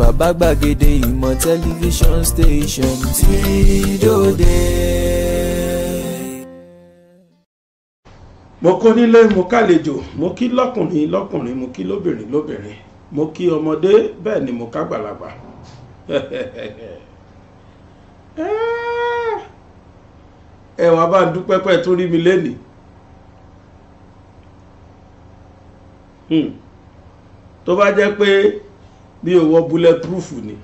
bàbá gbàgede ìmọ̀ tẹlifíṣọ̀n station ti dòde. mo kó nílé mo kálejò mo kí lọ́kùnrin lọ́kùnrin mo kí lóbìnrin lóbìnrin mo kí ọmọdé bẹ́ẹ̀ ni mo kágbàlagbà ẹ wàá bá dúpẹ́ pẹ́ tún rí mi lénìí. Hmm. tó bá jẹ́ pé bí owó bulletproof ni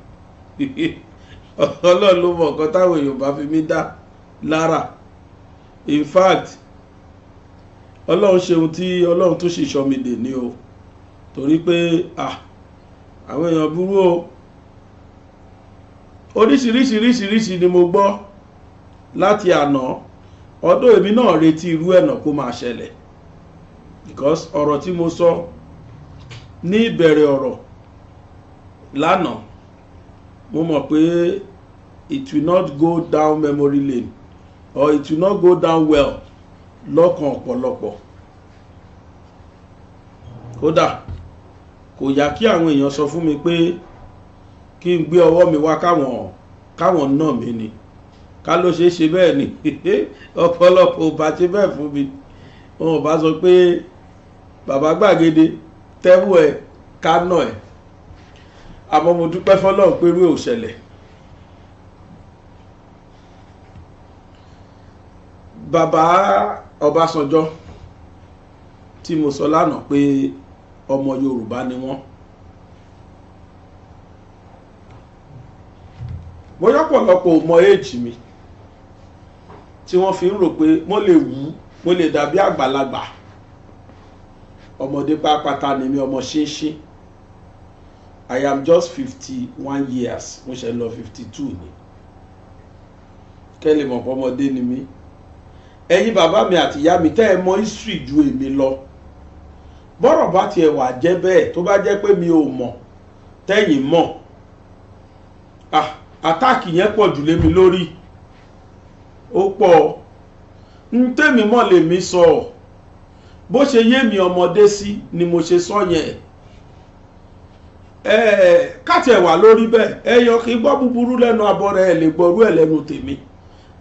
ọlọ́run ló mọ̀ nǹkan táwọn èèyàn bá fi mí dá lára in fact ọlọ́run ṣeun tí ọlọ́run tó ṣe ìṣọ́mìdè ni o torí pé àwọn èèyàn burú o oríṣiríṣiríṣiríṣi ni mo gbọ́ láti àná ọdún èmi náà retí irú ẹ̀nà kó máa ṣẹlẹ̀ because ọ̀rọ̀ tí mo sọ ní ìbẹ̀rẹ̀ ọ̀rọ̀ Lana, mo mọ̀ pé it will not go down memory lane or it will not go down well lọ́kàn ọ̀pọ̀lọpọ̀ kódà kò yá kí àwọn èèyàn sọ fún mi pé kí n gbé ọwọ́ mi wá káwọn káwọn náà mi ni ká ló ṣe é ṣe bẹ́ẹ̀ ni ọ̀pọ̀lọpọ̀ ò bá ṣe bẹ́ẹ̀ fún mi wọn ò bá sọ pé bàbá gbàgede tẹ́wọ́ ẹ̀ ká ẹ̀ àmọ́ mo dúpẹ́ fọlọ́run pé irú ẹ̀ ò ṣẹlẹ̀ bàbá Ọbásanjọ́ tí mo sọ lánàá pé ọmọ Yorùbá ni wọ́n bóyá pọ̀lọpọ̀ ò mọ éèjì mi tí wọ́n fi ń rò pé mo lè wú mo lè dàbí àgbàlagbà ọmọdé pápátá ni mi ọmọ ṣínṣín I am just fifty one years mo ṣe lọ fifty two ni kẹ́lẹ́ mọ̀ pọ́mọdé ni mí ẹ̀yin bàbá mi àti ìyá mi tẹ́ ẹ mọ̀ history ju èmi lọ bọ́rọ̀ bá tiẹ̀ wà jẹ́ bẹ́ẹ̀ tó bá jẹ́ pé mi ò mọ̀ tẹ́yìn mọ̀ ah àtáàkì yẹn pọ̀ jù lé mi lórí ó pọ̀ n tẹ́mi mọ̀ lèmi sọ bó ṣe yé mi ọmọdé sí ni mo ṣe sọ yẹn káàtì ẹ̀wà lórí bẹ́ẹ̀ ẹyọ kì í gbọ́ búburú lẹ́nu abọ́rẹ́ ẹ̀ lè gbọ́rú ẹ̀ lẹ́nu tèmi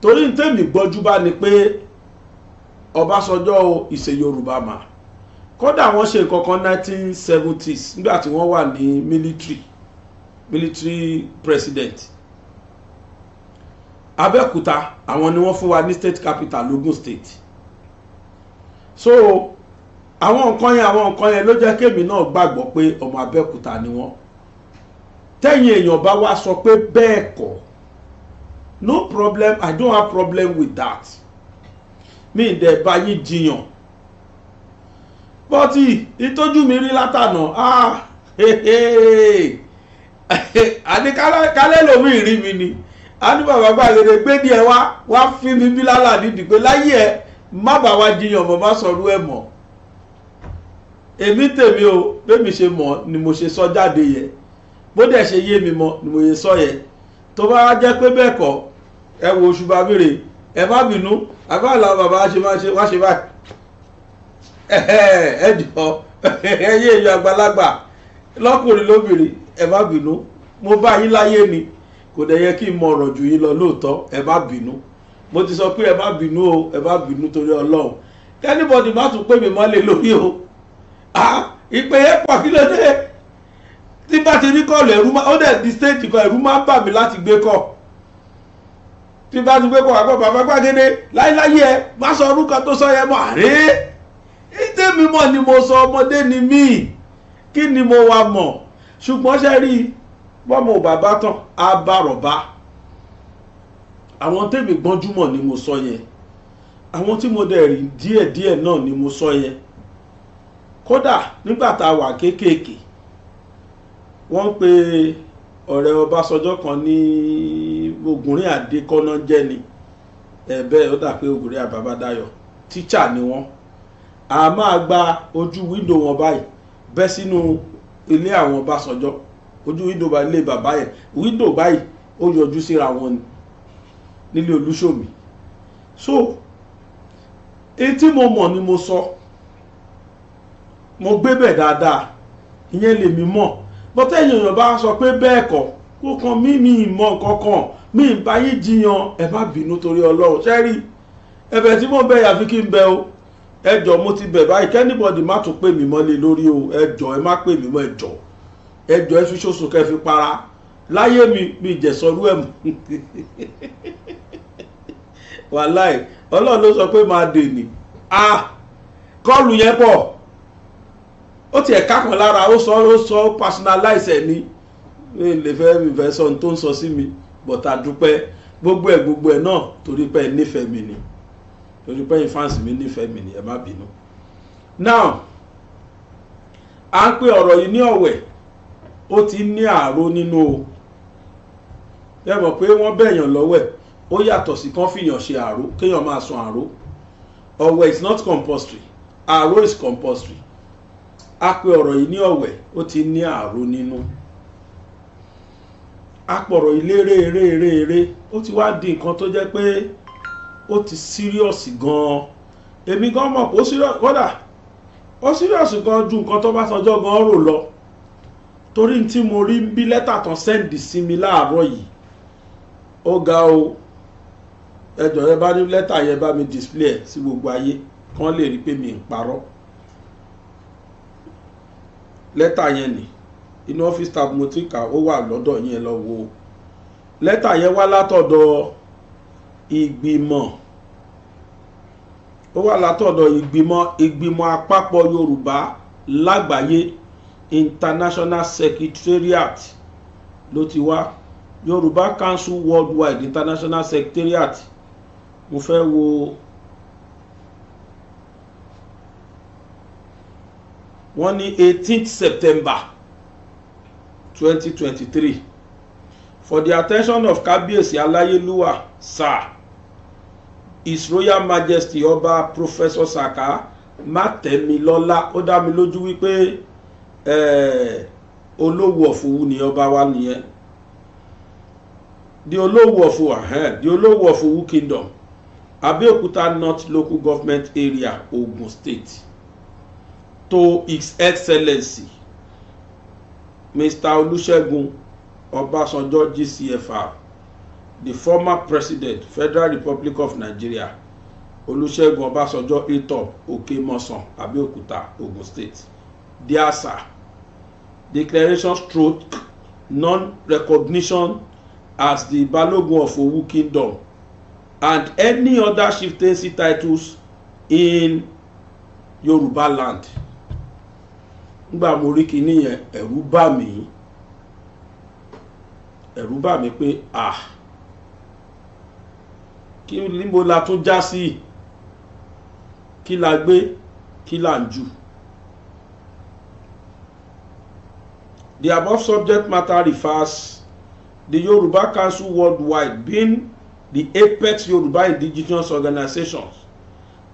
torí ní tèmi gbọ́jú bá ni pé Ọbásanjọ́ ìṣe Yorùbá mà kódà wọ́n ṣe nǹkan 1970s nígbà tí wọ́n wà ní military military president Abẹ́òkúta àwọn ni wọ́n fún wa ní state capital Lagos state so àwọn nǹkan yẹn àwọn nǹkan yẹn ló jẹ́ kémi náà gbàgbọ́ pé ọmọ Abẹ́òkúta ni wọ́n tẹ́yìn èèyàn bá wá sọ pé bẹ́ẹ̀ kọ́ no problem I don't have problem with that mi dẹ̀ bá yín jiyàn bọ́tì ìtọ́jú mi rí látànà ah àní kálẹ̀ lómi rí mi ni a ní bàbá gbàgede gbé díẹ̀ wá wá fi mi bí lálà nídìí pé láyé ẹ má bàa wá jiyàn mọ́ má sọ̀rọ̀ ẹ̀ mọ́ èmi tèmi o bẹ́mi ṣe mọ̀ ni mo ṣe sọ jáde yẹ bó dẹ̀ ṣe yé mi mọ̀ ni mo ṣe sọ yẹ tó bá jẹ́ pé bẹ́ẹ̀ kọ́ ẹ wo ṣùgbọ́n abèrè ẹ má bínú àbá làwọn bàbá ṣe máa ṣe wá ṣe báyìí ẹ jọ ẹ yé èèyàn àgbàlagbà lọ́kùnrin lóbìnrin ẹ má bínú mo bá yín láyé ni kò dẹ̀ yẹ kí n mọ ọ̀rọ̀ jù yín lọ lóòótọ́ ẹ má bínú mo ti sọ pé ẹ má bínú o ẹ má bínú torí ọlọ́run kẹ́nìbọ̀dì má tún pè mí mọ́lẹ̀ lórí o. Ah, ìpè yẹn pọ̀ kí ló dé tí bá ti rí kọ́ọ̀lù ẹ̀rú máa ó dẹ̀ di stéèjì kan ẹ̀rú máa ń bà mí láti gbé kọ́ tí bá ti gbé kọ́ àgbọ̀ bàbá gbàgede láíláyé ẹ má sọ orúkọ tó sọ yẹn mọ́ àrí ìtẹ́mi mọ̀ ni mo sọ ọmọdé ni mí kí ni mo wà mọ̀ ṣùgbọ́n ṣe rí bọ́mọ bàbá tán á bá rọ̀bá àwọn tèmi gbọ́njúmọ̀ ni mo sọ yẹn àwọn tí mo dẹ̀ rí díẹ̀díẹ̀ náà ni mo sọ yẹn kódà nígbà tá a wà kéékèèké wọ́n ń pe ọ̀rẹ́ Ọbásanjọ́ kan ní Ògúnrín Adékọ́ná jẹ́ ni ẹ̀bẹ́ ó dà pé Ògúnrín Àbábádáyọ̀ tíṣà ni wọ́n a máa gba ojú wíńdò wọn báyìí bẹ́ sínú ilé àwọn Ọbásanjọ́ ojú wíńdò bá ilé bàbá yẹn wíńdò báyìí ó yọjú síra wọn ni nílé Olúṣòmí so etí mo mọ̀ ni mo sọ. So, mo gbé bẹ̀ dáadáa ìyẹn lèmi mọ̀ bọ́tẹ́ èèyàn bá sọ pé bẹ́ẹ̀ kọ́ kó kan mí mi ìmọ̀ kankan mi ń bá yín jiyàn ẹ má bínú torí ọlọ́run ṣẹ́ rí ẹ̀bẹ̀ tí mo bẹ̀ yàfi kí n bẹ o ẹ jọ̀ọ́ mo ti bẹ̀ báyìí kẹ́nìbọ̀dì má tún pè mí mọ́lé lórí o ẹ jọ̀ọ́ ẹ má pè mí mọ́ ẹ jọ̀ọ́ ẹ jọ̀ọ́ ẹ fi ṣoṣo kẹ́ fi para láyé mi mi jẹ̀sọ́rú ẹ̀ mú wàláì ọlọ́run ló sọ pé máa dè ní a ah! kọ́ọ̀lù yẹn pọ̀ ó tiẹ̀ kákan lára ó sọ ó sọ personalize ẹ̀ ní mi lè fẹ́ mi fẹ́ sọ ohun tó ń sọ sí mi bọ̀tà dúpẹ́ gbogbo ẹ̀ gbogbo ẹ̀ náà torí pé ẹ nífẹ̀ẹ́ mi ni torí pé ìfáǹsì mi nífẹ̀ẹ́ mi ni ẹ má bínú. now à ń pe ọ̀rọ̀ yìí ní ọ̀wẹ̀ ó ti ní àáró nínú o ẹ mọ̀ pé wọ́n bẹ̀yàn lọ́wẹ̀ ó yàtọ̀ sí kán fìyàn ṣe àáró kéèyàn máa sun àáró ọ̀wẹ̀ is not compulsory àáró is compulsory a pe ọ̀rọ̀ yìí ní ọ̀wẹ̀ ó ti ní ààrò nínú a pọ̀rọ̀ iléré eré eré eré ó ti wá di nǹkan tó jẹ́ pé ó ti síríọ̀sì gan-an èmi gan mọ̀ pé ó síríọ̀sì kódà ó síríọ̀sì gan ju nǹkan tó bá sanjọ́ gan rò lọ torí tí mo rí bí lẹ́tà tán sẹ́ǹdì sí mi láàárọ̀ yìí ó ga o ẹjọ́ yẹn bá ní lẹ́tà yẹn bá mi display ẹ̀ sí gbogbo ayé kán lè rí pé mi ń parọ́ lẹ́tà yẹn ni inú ọ́fíìsì tab mo ti kà ó wà lọ́dọ̀ yẹn lọ wo lẹ́tà yẹn wá látọ̀dọ̀ ìgbìmọ̀ ó wà látọ̀dọ̀ ìgbìmọ̀ ìgbìmọ̀ àpapọ̀ Yorùbá lágbàáyé international secretariat ló ti wá Yorùbá council worldwide international secretariat mo fẹ́ wo. wọ́n ní eighteenth september twenty twenty three for the attention of kábíyèsí aláyélúwà sir his royal majesty ọba professor saka mátẹ̀mílọ́lá ó dá mi lójú wípé olówó ọ̀fọ̀wù ni ọba wa nìyẹn the olówó ọ̀fọ̀wù the olówó ọ̀fọ̀wù kingdom abẹ́òkúta north local government area ogun state to his excellency mr olusegun obasanjo gcfr the former president federal republic of nigeria olusegun obasanjo etop okemosan abeokuta ogun state dear sir declaration stroke non-recognition as the balogun of owu kingdom and any other chieftaincy titles in yoruba land nígbà mo rí kinní yẹn ẹ̀rù bà mí ẹ̀rù bà mí pé ah kí níbo la tún já sí kí la gbé kí la ń jù. The above subject matter refers the Yoruba Council worldwide being the apex Yoruba indigenous organizations.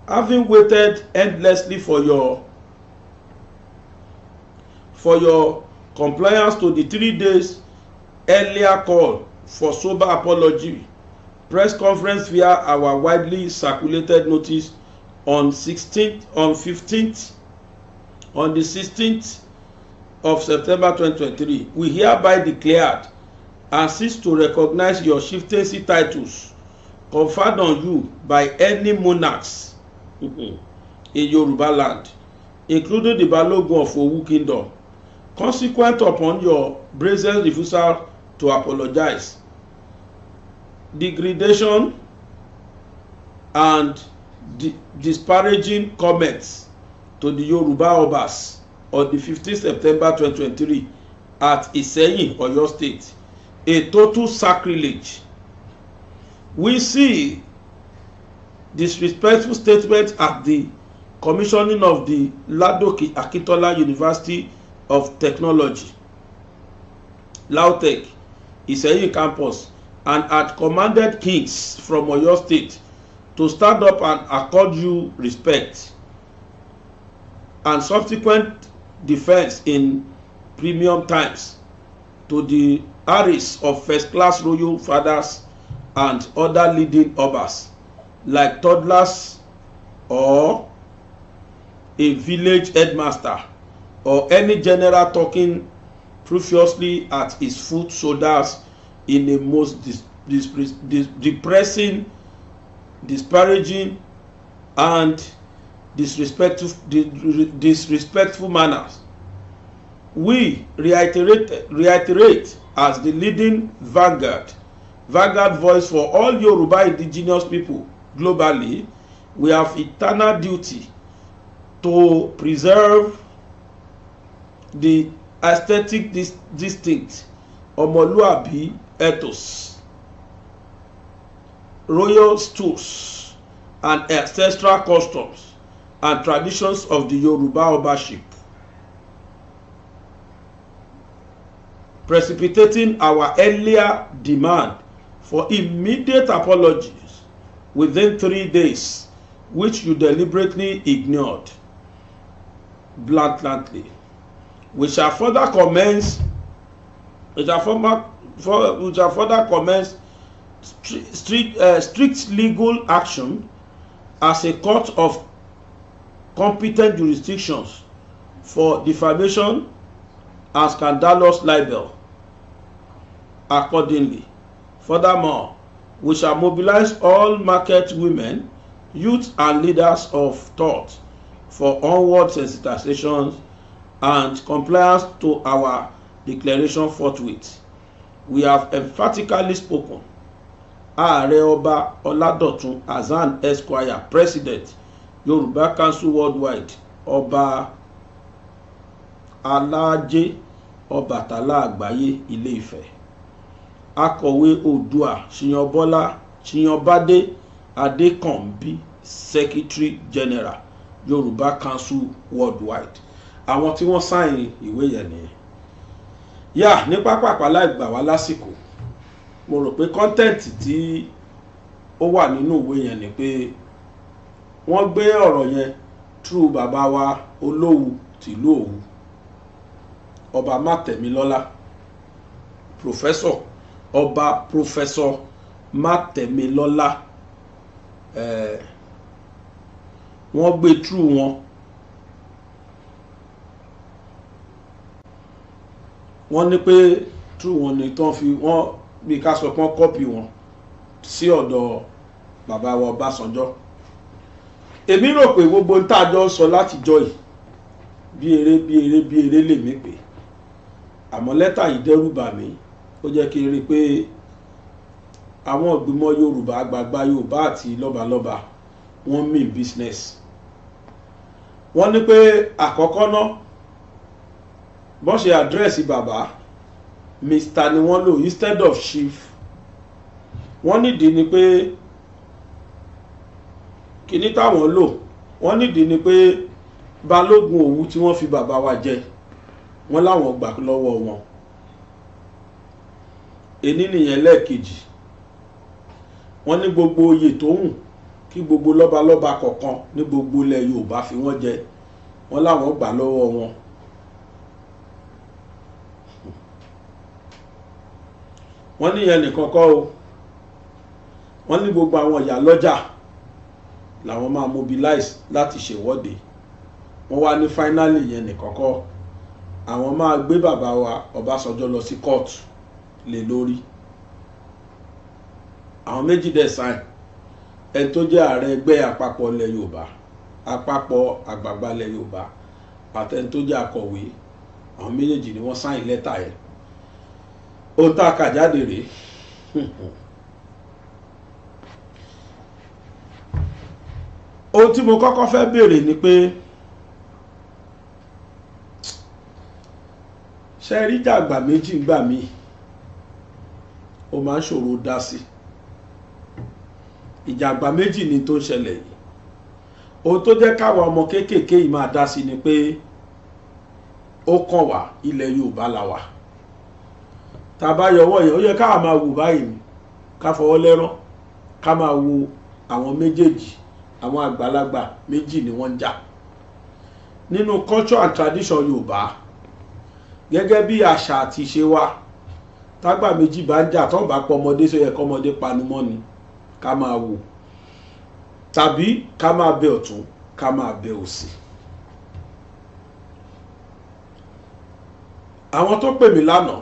Having waited endlessly for your for your compliance to the three days earlier call for sober apology press conference via our widely circulated notice on 16th on 15th on the 16th of september 2023 we hereby declared and cease to recognize your chieftaincy titles conferred on you by any monarchs mm-hmm. in yoruba land including the balogun of owu kingdom consequent upon your brazen refusal to apologize degradation and di disparaging comments to the Yoruba Obas on the 15 September twenty-three at Iseyin, Oyo State a total sacrilege we see disrespectful statements at the commissioning of the Ladoke Akintola University of Technology LAUTECH Iseyin campus and had commanded kings from Oyo State to stand up and accord you respect and subsequent defence in premium times to the harris of first-class royal fathers and other leading obas like toddlers or a village headmaster or any general talking profusely at his foot shoulders in a most dis dis dis depressing disparaging and disrespectful disrespectful manners we reiterate reiterate as the leading vanguard vanguard voice for all Yoruba indigenous people globally we have eternal duty to preserve the aesthetic dis distinct ọmọlúàbí ethos royal stools and ancestral customs and traditions of the Yoruba obaship precipitating our earlier demand for immediate apologies within three days which you deliberately ignored blatantly we shall further commence we shall further, for, we shall further commence strict, uh, strict legal action as a court of competent jurisdictions for defamation and scandalous libel accordingly. Furthermore, we shall mobilize all market women, youth and leaders of thought for onward sensitization and compliance to our declaration forthwith. We have emphatically spoken. Ààrẹ Ọba Ọládọ̀tun Hasan Esquire President Yorùbá Council Worldwide Ọba Aláàjẹ Ọbàtálá Àgbáyé Ilé-Ifẹ̀. Akọ̀wé odua Ṣìyànbọ́lá Ṣìyànbádé Adékànbí Secretary General Yorùbá Council Worldwide àwọn tí wọ́n sáìn ìwé yẹn nìyẹn yà ní pápákọ̀ aláìgbà wá lásìkò mo rò pé kọ́ńtẹ́ǹtì tí ó wà nínú ìwé yẹn ni pé wọ́n gbé ọ̀rọ̀ yẹn true bàbá wa olówu tìlú òwu ọba mátẹ̀mílọ́lá pòfẹ́sọ̀ ọba pòfẹ́sọ̀ mátẹ̀mílọ́lá eh, wọ́n gbé true wọn wọ́n ní pé true wọn ni tán fi wọ́n bí ká sọ pé wọ́n kọ́pì wọn sí ọ̀dọ̀ bàbá wa Ọbásanjọ́ èmi rò pé gbogbo ń tàjọ sọ látijọ́ yìí bí eré bí eré bí eré lèmi pè àmọ́ lẹ́tà yìí dẹ́rù bà mí ó jẹ́ kí n rí i pé àwọn ìgbìmọ̀ yorùbá àgbààgbà yorùbá àti lọ́balọ́ba wọ́n mean business wọ́n ní pé àkọ́kọ́ náà bọ́n ṣe àdírẹ́sì bàbá mr ni wọ́n lò instead of chief wọ́n nídìí ni pé kíní táwọn lò wọ́n nídìí ni pé balógun òwú tí wọ́n fi bàbá wa jẹ wọ́n láwọn gbà lọ́wọ́ wọn èní nìyẹn lẹ́ẹ̀kejì wọ́n ní gbogbo oyè tó hùn kí gbogbo lọ́balọ́ba kọ̀ọ̀kan ní gbogbo ilẹ̀ yorùbá fi wọ́n jẹ wọ́n láwọn gbà lọ́wọ́ wọn wọ́n ní ẹnìkan kọ́ o wọ́n ní gbogbo àwọn ìyá lọ́jà làwọn máa mobilize láti ṣèwọ́de wọ́n wá ní finally yẹn nìkan kọ́ àwọn máa gbé bàbá wa Ọbásanjọ́ lọ sí kóòtù lé lórí àwọn méjì dẹ̀ sáìn ẹni tó jẹ́ ààrẹ ẹgbẹ́ àpapọ̀ ilẹ̀ Yorùbá àpapọ̀ àgbààgbà ilẹ̀ Yorùbá àtẹni tó jẹ́ akọ̀wé àwọn méjèèjì ni wọ́n sáìn lẹ́tà yẹn ohun tá a kà jáde rèé ohun tí mo kọ́kọ́ fẹ́ béèrè ni pé ṣe rí jàgbà méjì gbà mí ó máa ń ṣòro dá sí ìjàgbà méjì ni tó ń ṣẹlẹ̀ yìí ohun tó jẹ́ káwa ọmọ kéékèèké yìí máa dá sí ni pé ó kàn wá ilẹ̀ Yorùbá la wà tá a bá yọwọ́ yẹn ó yẹ ká máa wò báyìí ni ká fọwọ́ lẹ́rán ká máa wo àwọn méjèèjì àwọn àgbàlagbà méjì ni wọ́n ń jà nínú culture and tradition Yorùbá gẹ́gẹ́ bí àṣà àti ìṣe wa tágbà méjì bá ń jà tó ń bá pọ ọmọdé sọ yẹ kọ́ ọmọdé panumọ́ ni ká máa wò tàbí ká máa bẹ ọ̀tún ká máa bẹ òsì. àwọn tó pè mí lánàá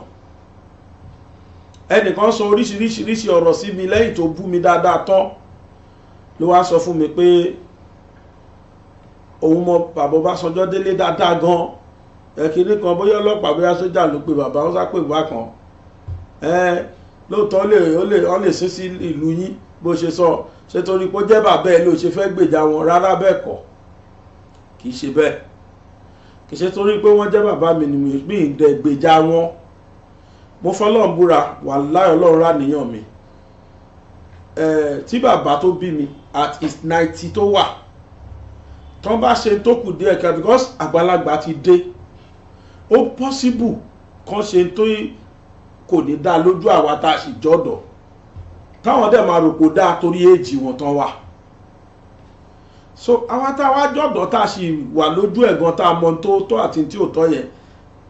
ẹnìkan sọ oríṣiríṣiríṣi ọ̀rọ̀ sí mi lẹ́yìn tó bú mi dáadáa tán ló wá sọ fún mi pé òun mọ bàbá Ọbásanjọ́ délé dáadáa gan ẹ̀kíní kan bóyá ọlọ́pàá bóyá sójà ló pe bàbá ó sápè wá kan lóòótọ́ ó lè sín sí ìlú yín bó ṣe sọ ṣe torí pé ó jẹ́ bàbá ẹ̀ ló ṣe fẹ́ gbèjà wọn rárá bẹ́ẹ̀ kọ́ kì í ṣe bẹ́ẹ̀ kì í ṣe torí pé wọ́n jẹ́ bàbá mi ni mi gbèjà wọn mo fọlọ́run búra wà láyọ̀ ọlọ́run ráníyàn mi tí bàbá tó bí mi at his ninety tó wà tán bá ṣe tó kù díẹ̀ kan because àgbàlagbà ti dé ó possible kan ṣe tó kò ní dá lójú àwa tá a sì jọ́dọ̀ táwọn dẹ̀ máa rò pé ó torí èjì wọn tán wà so àwa tá a wá jọ́dọ̀ tá a sì wà lójú ẹ̀gan tá a mọ tó tó àti tí ò tọ́ yẹn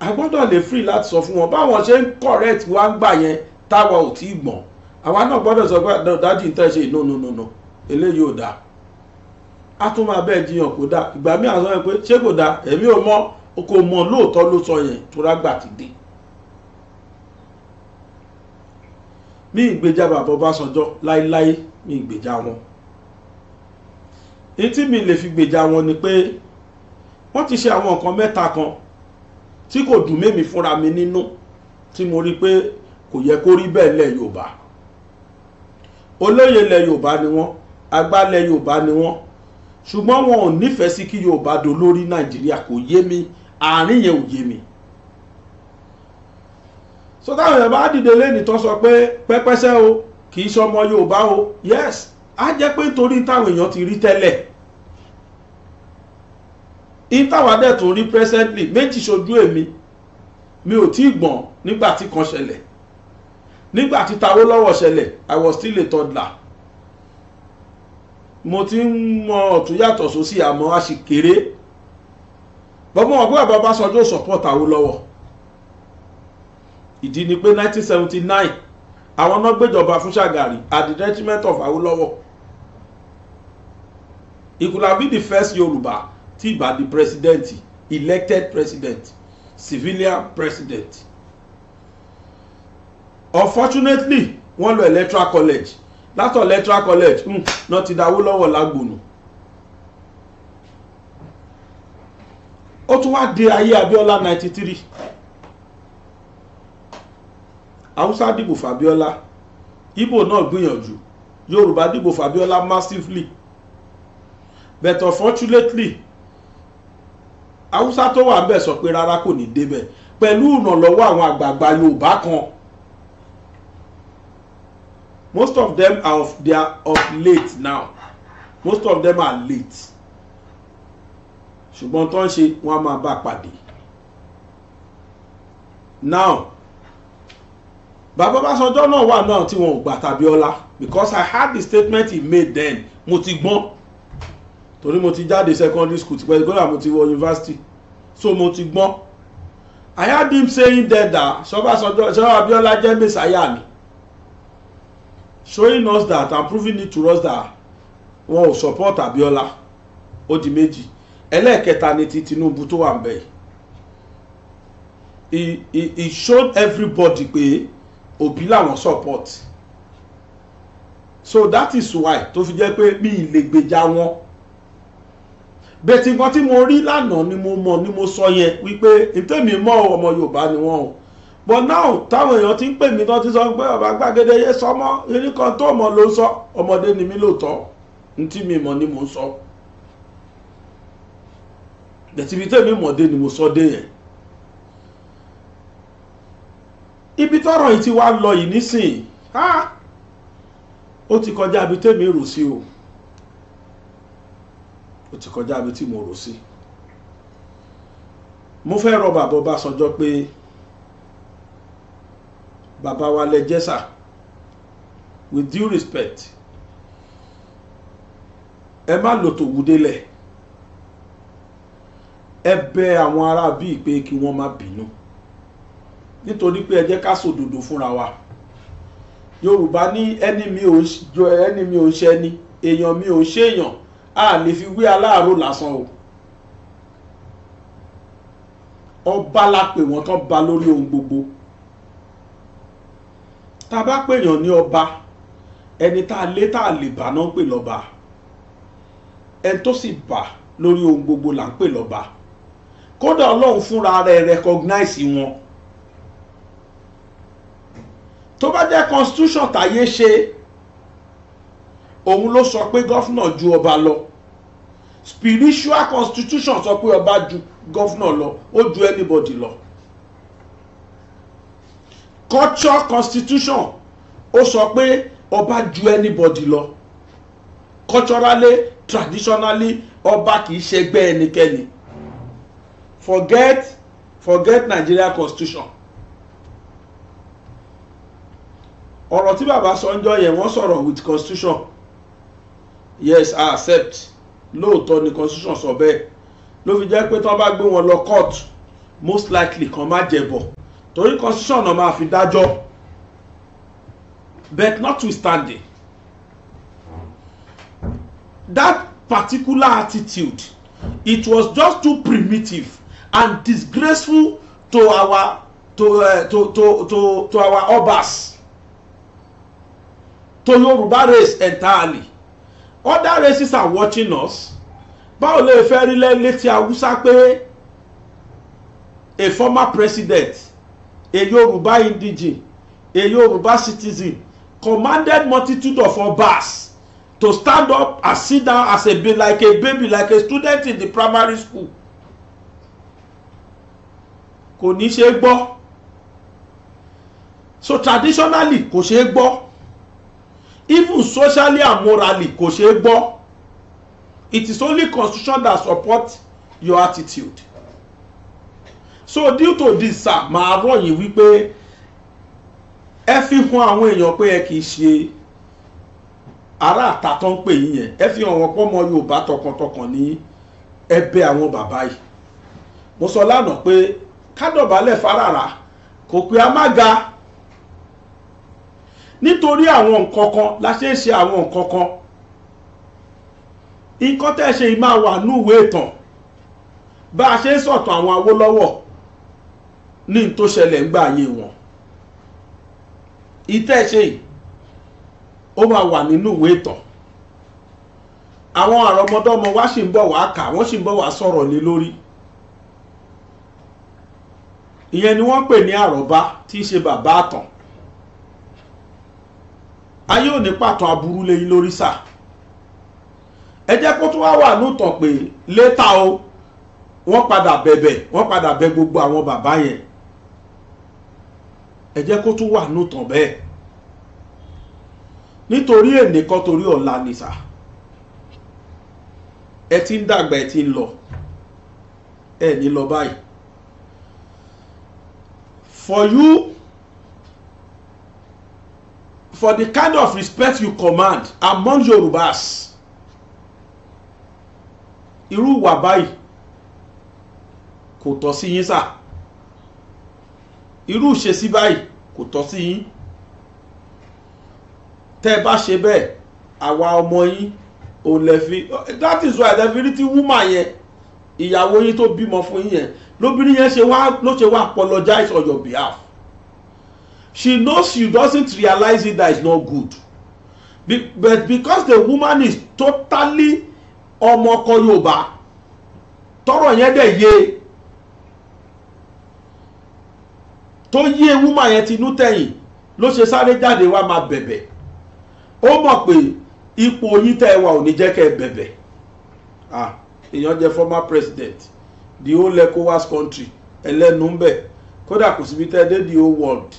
a gbọ́dọ̀ lè free láti sọ fún wọn báwọn ṣe ń correct wá ń gbà yẹn táwa ò tí ì gbọ̀n àwa náà gbọ́dọ̀ sọ pé dájú ìtẹ́ ṣe no no no no eléyìí ò dáa a tún máa bẹ́ẹ̀ jiyàn kó dáa ìgbà míì àwọn sọ pé ṣé kò dáa èmi ò mọ kò mọ lóòótọ́ ló sọ yẹn tó rágbà ti dé mi ìgbèjà bàbá Ọbásanjọ́ láéláé mi ìgbèjà wọn etí mi lè fi gbèjà wọn ni pé wọ́n ti ṣe àwọn nǹkan mẹ́ta kan tí kò dùn mẹ́mi fúnra mi nínú tí mo rí pé kò yẹ kó rí bẹ́ẹ̀ lẹ̀ Yorùbá olóyè lẹ̀ Yorùbá ni wọ́n agbálẹ̀ Yorùbá ni wọ́n ṣùgbọ́n wọn ò nífẹ̀ẹ́ sí kí Yorùbá dolórí Nàìjíríà kò yé mi àárín yẹn ò yé mi so táwọn dìde lẹ́ni tó sọ pé pẹ́pẹ́sẹ́ o kì í ṣọmọ Yorùbá o yes á jẹ́ pé torí táwọn èèyàn ti rí tẹ́lẹ̀ ìtawà dẹ̀ tún rí presently méjì ṣojú èmi mi ò tí ì gbọ̀n nígbà tí kan ṣẹlẹ̀ nígbà tí Awólọ́wọ̀ ṣẹlẹ̀ I was still a toddler mo ti ń mọ ọ̀tún yàtọ̀ sósì àmọ́ a sì kéré bọ́mọ ọgbẹ́ Babásanjọ́ support Awólọ́wọ̀ ìdí ni pé 1979 àwọn náà gbéjọba fún Ṣàgàrí at the detriment of Awólọ́wọ̀ it could have been the first Yorùbá tí ìbá di president elected president civilian president unfortunately wọ́n lọ electoral college látọ̀ electoral college mm, náà ti dáwó lọ́wọ́ lágbónú ó tún wá di ayé Abíọ́lá 93 Haúsá dìbò fàbíọ́lá Ìgbò náà gbìyànjú Yorùbá dìbò fàbíọ́lá massively but unfortunately haúsá tó wà bẹ́ẹ̀ sọ pé rárá kò ní débẹ̀ pẹ̀lú ìrànlọ́wọ́ àwọn àgbààgbà yorùbá kan most of them are of they of late now most of them are late ṣùgbọ́n tó ń ṣe wọ́n á máa bá pàdé now bàbá Básanjọ́ náà wà náà tí wọn ò gbà Abíọ́lá because I had the statement he made then mo ti gbọ́n torí mo ti jáde secondary school tipẹ́ kódà mo ti wọ university so mo ti gbọ́n I had him saying that that Ṣọwọ́ Abíọ́lá jẹ́ mẹ́sàáyà mi showing us that and proving it to us that wọn ò support Abiola ó di méjì ẹlẹ́ẹ̀kẹta ni ti Tinubu tó wà ń he he he showed everybody pé Obi làwọn support so that is why tó fi jẹ́ pé mi ì lè gbèjà wọn bẹ́tì nǹkan tí mo rí lánàá ni mo mọ̀ ni mo sọ yẹn wípé ìtẹ́mi mọ́ ọmọ Yorùbá ni wọ́n o but now táwọn èèyàn ti ń pè mí tán ti sọ pé ọba gbàgede sọ yé sọmọ erékan tó ọmọ ló ń sọ ọmọdé ni mí lóòótọ́ ní tí mi mọ̀ ni mo ń sọ bẹ̀tì bí tẹ́mi mọ̀dé ni mo sọ dé yẹn ibi tọrọ yìí ti wá lọ yìí nísìnyí ó ti kọjá ibi tẹ́mi rò sí o. Si ó ti kọjá ibi tí mo rò sí mo fẹ́ rọ bàbá Ọbásanjọ́ pé bàbá wa lẹ́jẹ́ sà with due respect ẹ má lò tó wú délẹ̀ ẹ bẹ àwọn ará bíi pé kí wọ́n má bínú nítorí pé ẹ ká sòdodo fúnra wa Yorùbá ní ẹni mi ò ṣe ẹni èèyàn mi ò ṣe èèyàn a lè fi wé aláàrò lásán o ọba la pè wọ́n tán ba lórí ohun gbogbo tá a bá pèèyàn ní ọba ẹni tá a lé tá a lè bá náà ń pè lọ́ba ẹni tó sì bà lórí ohun gbogbo là ń pè lọ́ba kódà ọlọ́run fúnra rẹ̀ recognize wọn tó bá jẹ́ constitution tàyé ṣe òun ló sọ pé gọ́fúnà ju ọba lọ spiritual constitution sọ pé ọba ju gọ́fúnà lọ ó ju anybody lọ culture constitution ó sọ pé ọba ju anybody lọ culturally traditionally ọba kì í ṣẹgbẹ́ ẹnikẹ́ni forget forget Nigeria constitution ọ̀rọ̀ tí bàbá sọ ń jọ yẹn wọ́n sọ̀rọ̀ with constitution yes I accept lóòótọ́ ni constitution sọ bẹ́ẹ̀ ló fi jẹ́ pé tí wọ́n bá gbé wọn lọ court most likely kan má jẹ̀bọ̀ torí constitution náà máa fi dájọ́ but notwithstanding that particular attitude it was just too primitive and disgraceful to our to uh, to to to to our obas to Yorùbá race entirely other races are watching us báwo lè fẹ́ rí létí haúsá pé a former president a yorùbá indigene a yorùbá citizen commanded multitude of obas to stand up and sit down as a be like a baby like a student in the primary school kò ní ṣe gbọ́ so traditionally kò ṣe gbọ́ even socially and morally kò ṣeé gbọ́ it is only constitution that support your attitude so due to this sir màá rọ̀ yín wípé ẹ fi hàn àwọn èèyàn pé ẹ kì í ṣe ará àta tó ń pè yín yẹn ẹ fi hàn wọn pọ́ ọmọ Yorùbá tọkàntọkàn ní ẹ̀bẹ̀ àwọn bàbá yìí mo sọ lánàá pé kádọ̀bálẹ̀ fárára kò pé a má ga nítorí àwọn nǹkan kan la ṣe ń ṣe àwọn nǹkan kan nǹkan tẹ́ ṣe máa wà núwèé ìtàn bá a ṣe ń sọ̀tàn àwọn Awólọ́wọ̀ ní tó ṣẹlẹ̀ ń gbà ayé wọn ìtẹ́ ṣe yìí ó máa wà nínú ìwé ìtàn àwọn àrọmọdọ́mọ wa sì ń bọ̀ wá kà wọ́n sì ń bọ̀ wá sọ̀rọ̀ lé lórí ìyẹn ni wọ́n pè ní àròbá tí í ṣe bàbá àtàn ayé ò ní pàtàn aburú lẹ́yìn lórí sà ẹ jẹ́ kó tún wá wà lóòótọ́ pé létà o wọ́n padà bẹ̀bẹ̀ wọ́n padà bẹ gbogbo àwọn bàbá yẹn ẹ jẹ́ kó tún wà lóòótọ́ bẹ́ẹ̀ nítorí èdè kan torí ọ̀la ni ẹ ti ń dàgbà ẹ ti ń lọ ẹ ní lọ báyìí for you for the kind of respect you command among Yorubas irú ìwà báyìí kò tọ́ sí yín sà irú ìṣesí báyìí kò tọ́ sí yín tẹ́ ẹ bá ṣe bẹ́ẹ̀ àwa ọmọ yín ò lè fi that is why every ti woman yẹn ìyàwó yín tó bímọ fún yín yẹn lóbìnrin yẹn ṣe wá ló ṣe wá apologize on your behalf she knows she doesn't realize it that is not good Be but because the woman is totally ọmọ ọkọ Yorùbá tọrọ yẹn dẹ̀ yé tó yé woman yẹn tinú tẹ̀yìn ló ṣe sáré jáde wá máa bẹ̀bẹ̀ ó mọ̀ pé ipò yín tẹ́ ẹ wà ò ní jẹ́ kẹ́ ẹ bẹ̀bẹ̀ ah èèyàn jẹ́ former president the whole ECOWAS country ẹlẹ́nu ń bẹ̀ kódà kò síbi tẹ́ ẹ dé the whole world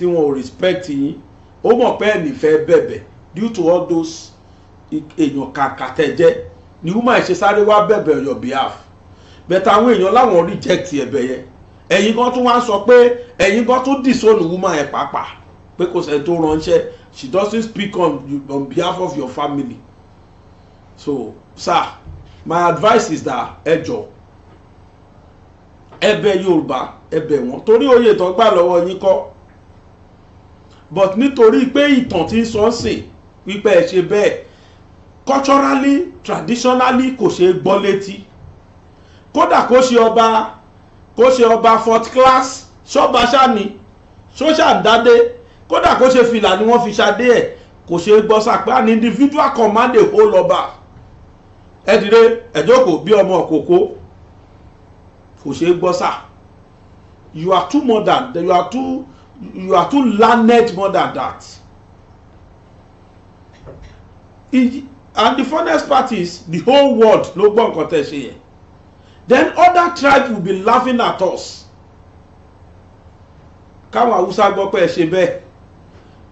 tí wọn ò respect yín ó mọ̀ pé ẹ̀nì fẹ́ bẹ̀bẹ̀ due to all those èèyàn kàkà tẹ̀jẹ́ ni woman ẹ̀ ṣe sáré wá bẹ̀bẹ̀ on your behalf bẹ̀tà àwọn èèyàn láwọn reject ẹ̀bẹ̀ yẹn ẹ̀yin gan tún wá sọ pé ẹ̀yin gan tún disown woman ẹ̀ pàápàá pé kò sẹ́ni tó ránṣẹ́ she doesn't speak on, on behalf of your family so sir my advice is that ẹ jọ̀ọ́ ẹ̀bẹ̀ Yorùbá ẹ̀bẹ̀ wọn torí oyè tó gbà lọ́wọ́ yín kọ́ but nítorí pé ìtàn tí ń sọ ń sìn wípé ẹ ṣe bẹ́ẹ̀ culturally traditionally kò ṣe é gbọ́ létí kódà kó ṣe ọba kó ṣe ọba fourth class ṣọ́ba ṣáni ṣóṣàdádé kódà kó ṣe fìlà ni wọ́n fi ṣadé ẹ̀ kò ṣe é gbọ́ sàpé an individual command a whole ọba ẹ dìde ẹ jókòó bí ọmọ òkòkò kò ṣe é gbọ́ sà you are too modern you are too you are too learned more than that it, and the funnest part is the whole world no gbọ́ nǹkan tẹ́ ṣe yẹn then other tribes will be laughing at us káwọn haúsá gbọ́ pé ẹ ṣe bẹ́ẹ̀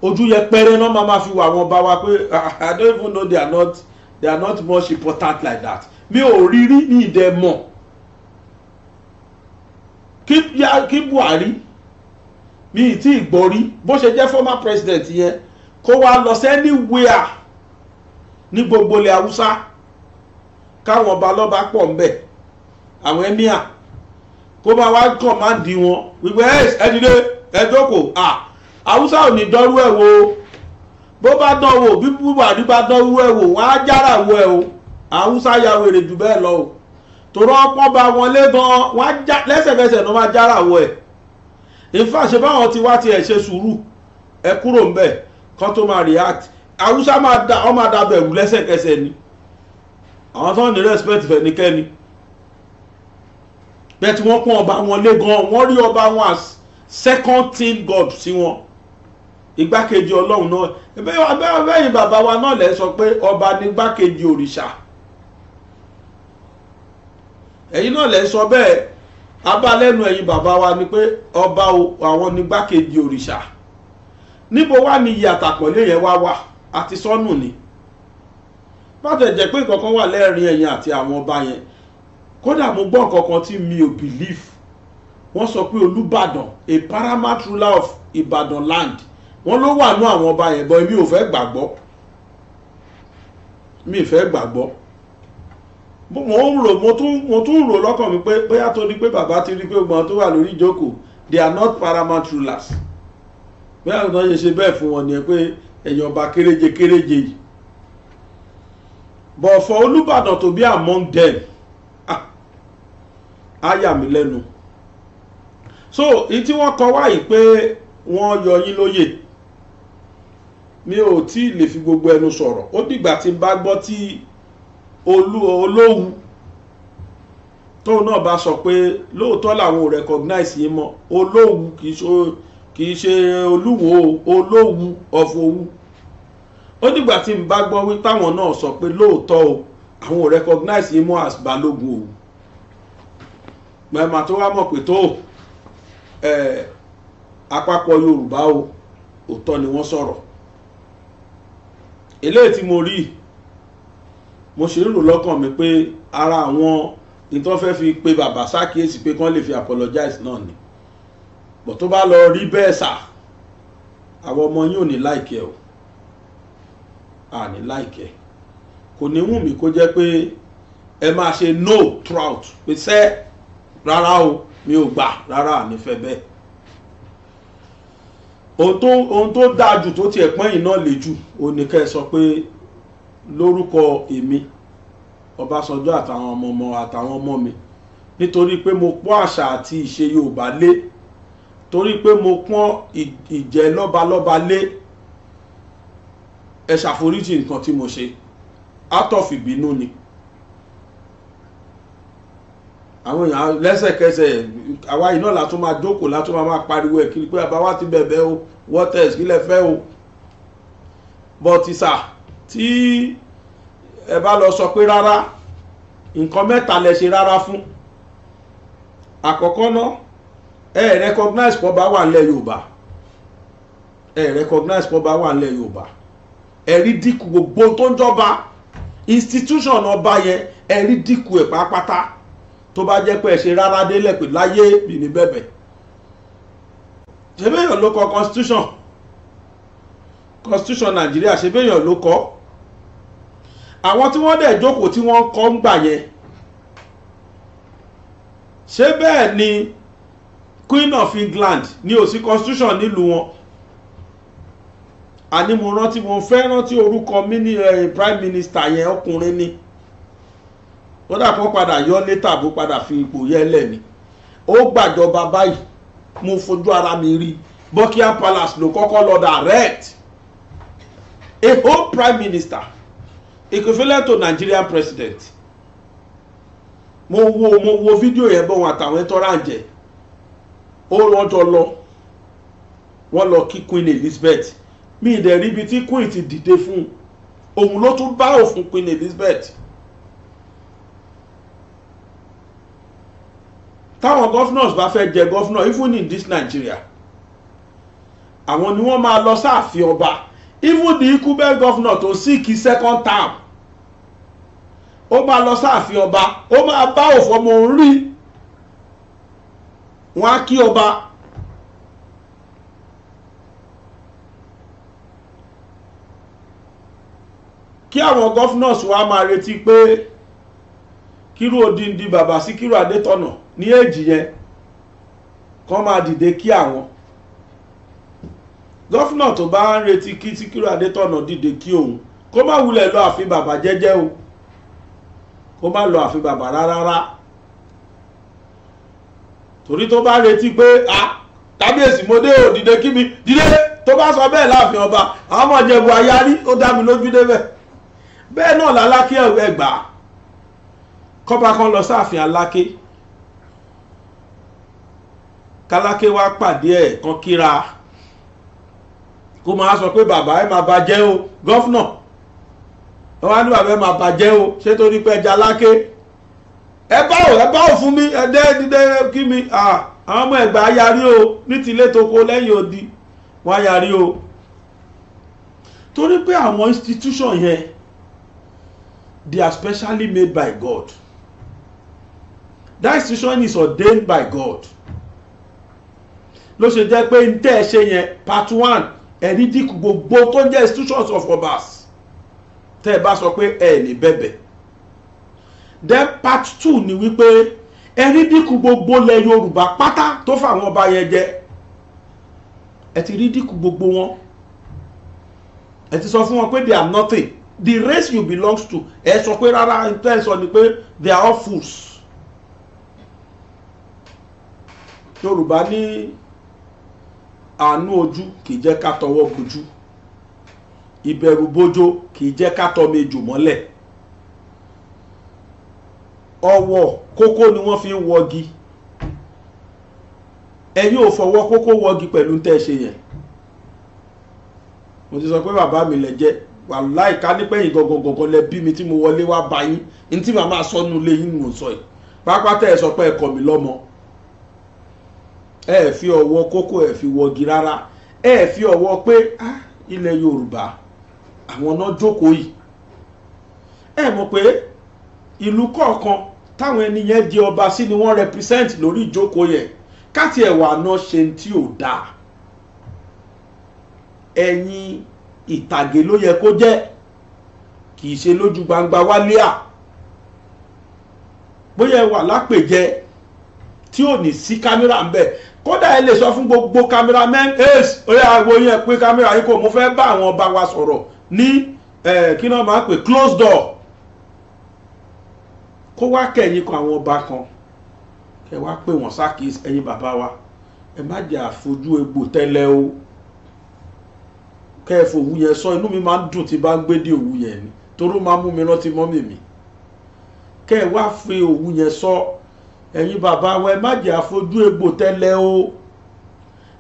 ojú yẹpẹrẹ náà máa ma fi wà wọn bá wa pé ah, i don't even know they are not they are not much important like that mi ò rí rí ní ìdẹ mọ̀ kí Buhari mi ì tí ì gbọ́rí bó ṣe jẹ́ former president yẹn kó wá lọ sẹ́ni wíà ní gbogbo ilẹ̀ haúsá káwọn ọba lọ́ba pọ̀ ń bẹ̀ àwọn emir kó máa wá kàn máa ń di wọn wípé ẹdílé ẹdókò à haúsá ò ní dánrú ẹ̀ wo bó bá dán wò bí buhari bá dánrú ẹ̀ wò wọ́n á jára wọ ẹ̀ o haúsá ya wèrè jù bẹ́ẹ̀ lọ o tòrọ ọpọ́n ba wọn lé gan-an wọ́n á lẹ́sẹ̀kẹsẹ̀ ló máa jára wọ ẹ̀ ìfà ṣe báwọn ti wá tiẹ̀ ṣe sùúrù ẹ kúrò ń bẹ̀ kán tó máa react haúsá wọn máa da bẹ̀rù lẹ́sẹ̀kẹsẹ̀ ni àwọn tó ń ní respect fẹ̀nikẹ́ni bẹ́ẹ̀ tí wọ́n pọ́n ọba wọn lé gan wọ́n rí ọba wọn as second thing god sí wọn igbákejì ọlọ́run náà ẹ̀bẹ́ bẹ́yìn bàbá wa náà lẹ́ sọ pé ọba ní igbákejì òrìṣà ẹ̀yin náà lẹ́ sọ bẹ́ẹ̀ abálẹ́nu ẹ̀yin baba wa ni pé ọba àwọn nígbàkejì òrìṣà níbo wá ní iye àtàpọ̀lé yẹn wá wà àti sọ́nù ni bàtẹ̀jẹ̀ pé nǹkan kan wà lẹ́rìn ẹ̀yin àti àwọn ọba yẹn kódà mo gbọ́ nǹkan kan tí mi ò believe wọ́n sọ pé olùbàdàn a paramount ruler of ibadan land wọ́n ló wà ní àwọn ọba yẹn bọ́ mi ò fẹ́ gbàgbọ́ mi ò fẹ́ mo ń rò mo tún mo tún rò lọ́kàn mi pé bóyá tó ní pé bàbá ti rí pé gbọ́n tó wà lórí ìjókòó they are not paramount rulers bóyá àwọn ṣe ṣe bẹ́ẹ̀ fún wọn nìyẹn pé ẹ̀yìn ọba kéréje kéréje yìí but for Olúbàdàn to be among them ah, á yà mí lẹ́nu so èyí tí wọ́n kọ wáyìí pé wọ́n yọ yín lóyè mi ò tí ì lè fi gbogbo ẹnu sọ̀rọ̀ ó dìgbà tí n bá gbọ́ tí olóhùn tóun náà bá sọ pé lóòótọ́ làwọn ò recognize yìí mọ́ olóhùn kì í ṣe kì í ṣe olúwo olóhùn ọ̀fọ̀hùn ó dìgbà tí n bá gbọ́ wí táwọn náà sọ pé lóòótọ́ o àwọn ò recognize yìí mọ́ as balógun o mẹ́ẹ̀mà tó wá mọ̀ pé tó àpapọ̀ yorùbá o òótọ́ ni wọ́n sọ̀rọ̀ eléyìí tí mo rí yìí mo ṣe rò lọ́kàn mi pé ara àwọn ìtọ́ fẹ́ fi pe bàbá ṣàkíyèsí pé kán lè fi apologize náà ni bọ̀ tó bá lọ rí bẹ́ẹ̀ sà àwọn ọmọ yín ò ní láìkẹ́ o à ní láìkẹ́ kò ní wù mí kó jẹ́ pé ẹ máa ṣe no throughout pé sẹ́ rárá o mi ò gbà rárá mi fẹ́ bẹ́ẹ̀ ohun tó dáa jù tó tiẹ̀ pọ́n yìí náà lè jù òun ni ká ẹ sọ pé lórúkọ èmi Ọbásanjọ́ àtàwọn ọmọ ọmọ àtàwọn ọmọ mi nítorí pé mo pọ́n àṣà àti ìṣe Yorùbá lé torí pé mo pọ́n ìjẹ́ lọ́balọ́ba lé ẹ ṣàforíjì nǹkan tí mo ṣe out of ìbínú ni àwọn èèyàn lẹ́sẹ̀kẹsẹ̀ àwa yìí náà látún máa jókòó látún máa máa pariwo ẹ̀ kiri pé bàbá wa ti bẹ̀bẹ̀ o waters kílẹ̀ fẹ́ o bọ́tí sáà tí ẹ bá lọ sọ pé rárá nǹkan mẹ́ta lẹ ṣe rárá fún àkọ́kọ́ náà ẹ recognize pọ́ bá wà nílẹ̀ Yorùbá ẹ recognize pọ́ bá wà nílẹ̀ Yorùbá ẹ̀rí dínkù gbogbo tó ń jọba institution ọba yẹn ẹ̀rí dínkù ẹ̀ pátápátá tó bá jẹ́ pé ẹ ṣe rárá délẹ̀ pé láyé mi ní bẹ̀bẹ̀ ṣebéèyàn ló kọ constitution constitution Nàìjíríà ṣebéèyàn ló kọ àwọn tí wọ́n dẹ̀ jókòó tí wọ́n kọ́ ń gbà yẹn ṣé bẹ́ẹ̀ ni Queen of England ní òsì constitution nílùú wọn àní mo rántí mo fẹ́ rántí orúkọ mini eh, prime minister yẹn ọkùnrin ni ó dàpọ̀ padà yọ létà bó padà fi ipò yẹn lẹ̀ ni ó gbàjọba báyìí mo fojú ara mi rí Buckingham Palace ló kọ́kọ́ lọ direct a whole prime minister equivalent to Nigerian president mo wo mo wo fídíò yẹn bọ́ wọn àtàwọn ẹtọ́ra jẹ ó wọ́n jọ lọ wọ́n lọ kí Queen Elizabeth mi ì dẹ̀ rí ibi tí Queen ti dìde fún òun ló tún bá òfin Queen Elizabeth táwọn governors bá fẹ́ jẹ governor even in this Nigeria àwọn ni wọ́n máa lọ sáàfin ọba even the ikube governor tó seek second term ó máa lọ sáàfin ọba ó máa bá òfò ọmọ òun rí wọn á kí ọba kí àwọn governors wa máa retí pé kírú odindi bàbá Síkírù Adétọ̀nà ní èjì yẹn kán máa dìde kí àwọn gọ́fúnà tó bá ń retí kí Síkírù Adétọ̀nà dìde kí òun kó má wulẹ̀ lọ ààfin bàbá jẹ́jẹ́ o kó má lọ ààfin bàbá rárá torí tó bá retí pé a kábíyèsí mo dé o dìde kí mi dìde tó bá sọ bẹ́ẹ̀ láàfin ọba àwọn ọmọ Ìjẹ̀bú ayárí ó dá mi lójú débẹ̀ bẹ́ẹ̀ náà lálákè Ẹ̀gbá kọ́ba kan lọ sáàfin Aláké káláké wá pàdé ẹ̀ kan kíra kó máa sọ pé bàbá ẹ máa bàjẹ́ o gọ́fúnà wọn á ní bàbá ẹ máa bàjẹ́ o ṣé torí pé ẹja láké ẹ báwò ẹ báwò fún mi ẹ dẹ́ dídẹ́ kí mi àwọn ọmọ ẹ̀gbá yarí o ní tilé toko lẹ́yìn odi wọ́n yarí o torí pé àwọn institution yẹn they are specially made by God that institution is ordained by God ló ṣe jẹ́ pé n tẹ́ ẹ ṣe yẹn part one ẹni dínkù gbogbo tó jẹ́ institutions of obas tẹ́ ẹ bá sọ pé ẹ lè bẹ̀bẹ̀ then part two ni wípé ẹni dínkù gbogbo lẹ Yorùbá pátá tó fàwọn ọba yẹn jẹ ẹ ti rí dínkù gbogbo wọn ẹ ti sọ fún wọn pé they are nothing the race you belong to ẹ sọ pé rárá ẹ sọ ni pé they are all fools Yorùbá ní àánú ojú kì í jẹ́ ká tọwọ́ bojú ìbẹ̀rù bójó kì í jẹ́ ká tọmọ ejò mọ́lẹ̀ ọwọ́ kókó ni wọ́n fi ń wọgi ẹ̀yin ò fọwọ́ kókó wọgi pẹ̀lú tẹ́ ṣe yẹn mo ti sọ pé bàbá mi lẹ jẹ́ wàláì ká ní pẹ́yìn gọ̀gọ̀gọ̀gọ̀ lẹ bí mi tí mo wọlé wá bá yín ní tí màmá sọnù lé yín mò ń sọ yìí pápá tẹ́ ẹ sọ pé ẹ kọ̀ lọ́mọ ẹ fi ọwọ́ kókó ẹ fi wọgi rárá ẹ fi ọwọ́ pé ah, ilẹ̀ Yorùbá àwọn náà jókòó yìí ẹ mọ̀ pé ìlú kọ̀ọ̀kan táwọn ẹni yẹn di ọba sí ni wọ́n represent lórí ìjókòó yẹn káti ẹ̀wà náà ṣe tí ò dáa ẹ̀yìn ìtàgé ló yẹ kó jẹ́ kì í ṣe lójú gbangba wálé à bóyá ẹ wà lápèjẹ tí ò ní sí kámẹ́rà ń bẹ̀ kódà ẹ lè sọ fún gbogbo cameraman ace oyè àwòyìn ẹ pé camera yìí kò mo fẹ́ bá àwọn ọba wa sọ̀rọ̀ ní kí náà máa pè close door kó wá kẹ̀yìn kan àwọn ọba kan kẹ wá pè wọ́n sákìsì ẹ̀yin bàbá wa ẹ má jẹ́ àfojú egbò tẹ́lẹ̀ o kẹ́ ẹ fòwú yẹn sọ inú mi máa ń dùn tí bá ń gbédè òwú yẹn ni toró máa ń mú mi rántí mọ́mì mi kẹ́ ẹ wá fi òwú yẹn sọ. So, ẹ̀yin bàbá wa ẹ má jẹ́ àfojú egbò tẹ́lẹ̀ o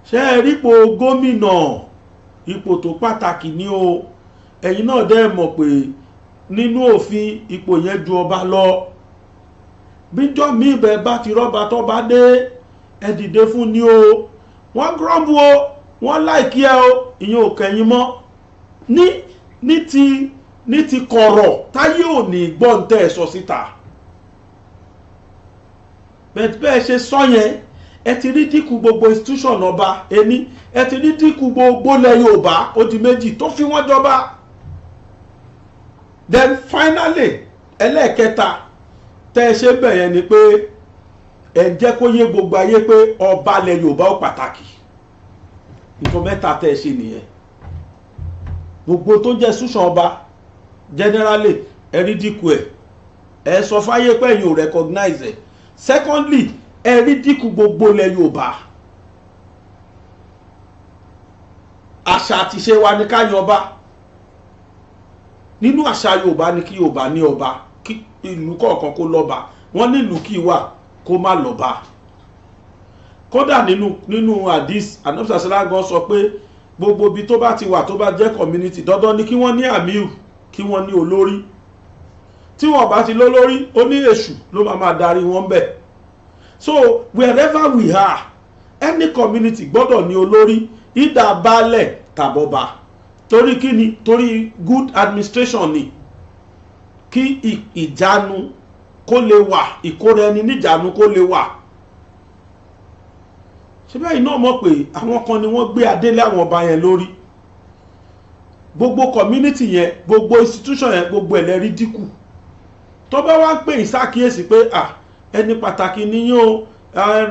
ṣé ẹ rípo gómìnà ipò tó pàtàkì ni o ẹ̀yin náà dẹ́ mọ̀ pé nínú òfin ipò yẹn ju ọba lọ bíjọ́ mi ibẹ̀ bá ti rọ́ba tó dé ẹ dìde fún ni o wọ́n gírọ́bù o wọ́n láìkí ẹ o ìyẹn ò kẹ̀yìn mọ́ ní ní ti ní ti kọ̀rọ̀ táyé ò ní gbọ́ǹtẹ̀ sọ síta. So bẹ́ẹ̀ bẹ́ẹ̀ ṣe sọ yẹn ẹ ti rí dínkù gbogbo institution ọba ẹni ẹ ti rí dínkù gbogbo ilẹ̀ Yorùbá ó di méjì tó fi wọ́n jọba then finally ẹlẹ́ẹ̀kẹta tẹ́ ẹ ṣe bẹ̀ yẹn ni pé ẹ jẹ́ kó yé gbogbo ayé pé ọba ilẹ̀ Yorùbá ó pàtàkì nǹkan mẹ́ta tẹ́ ẹ ṣe nìyẹn gbogbo tó jẹ́ institution ọba generally ẹ rí dínkù ẹ ẹ sọ fáyé pé ẹ̀yin ò recognize ẹ̀ secondly ẹ̀rí dínkù gbogbo ilẹ̀ yorùbá àṣà àtiṣe wa ni ká yan ọba nínú àṣà yorùbá ni kí yorùbá ní ọba kí ìlú kọ̀ọ̀kan kó lọ́ba wọ́n ní ìlú kì í wà kó má lọ́ba kódà nínú nínú hadis anamsasala gan sọ pé gbogbo ibi tó bá ti wà tó bá jẹ́ community dandan ni kí wọ́n ní amiru kí wọ́n ní olórí tí wọ́n bá ti lólórí ó ní èṣù ló máa máa darí wọn bẹ̀ so wherever we are any community gbọ́dọ̀ ní olórí ìdá baálẹ̀ tàbọ̀bà torí kí ni torí good administration ni kí ìjánu kó lè wà ìkóra ẹni níjánu kó lè wà ṣebí iná mọ̀ pé àwọn kan ni wọ́n gbé adélé àwọn ọba yẹn lórí gbogbo community yẹn gbogbo institution yẹn gbogbo ẹ̀lẹ́rí dínkù tó bá wá ń pè yín sákìyèsí pé à ẹni pàtàkì ni yín o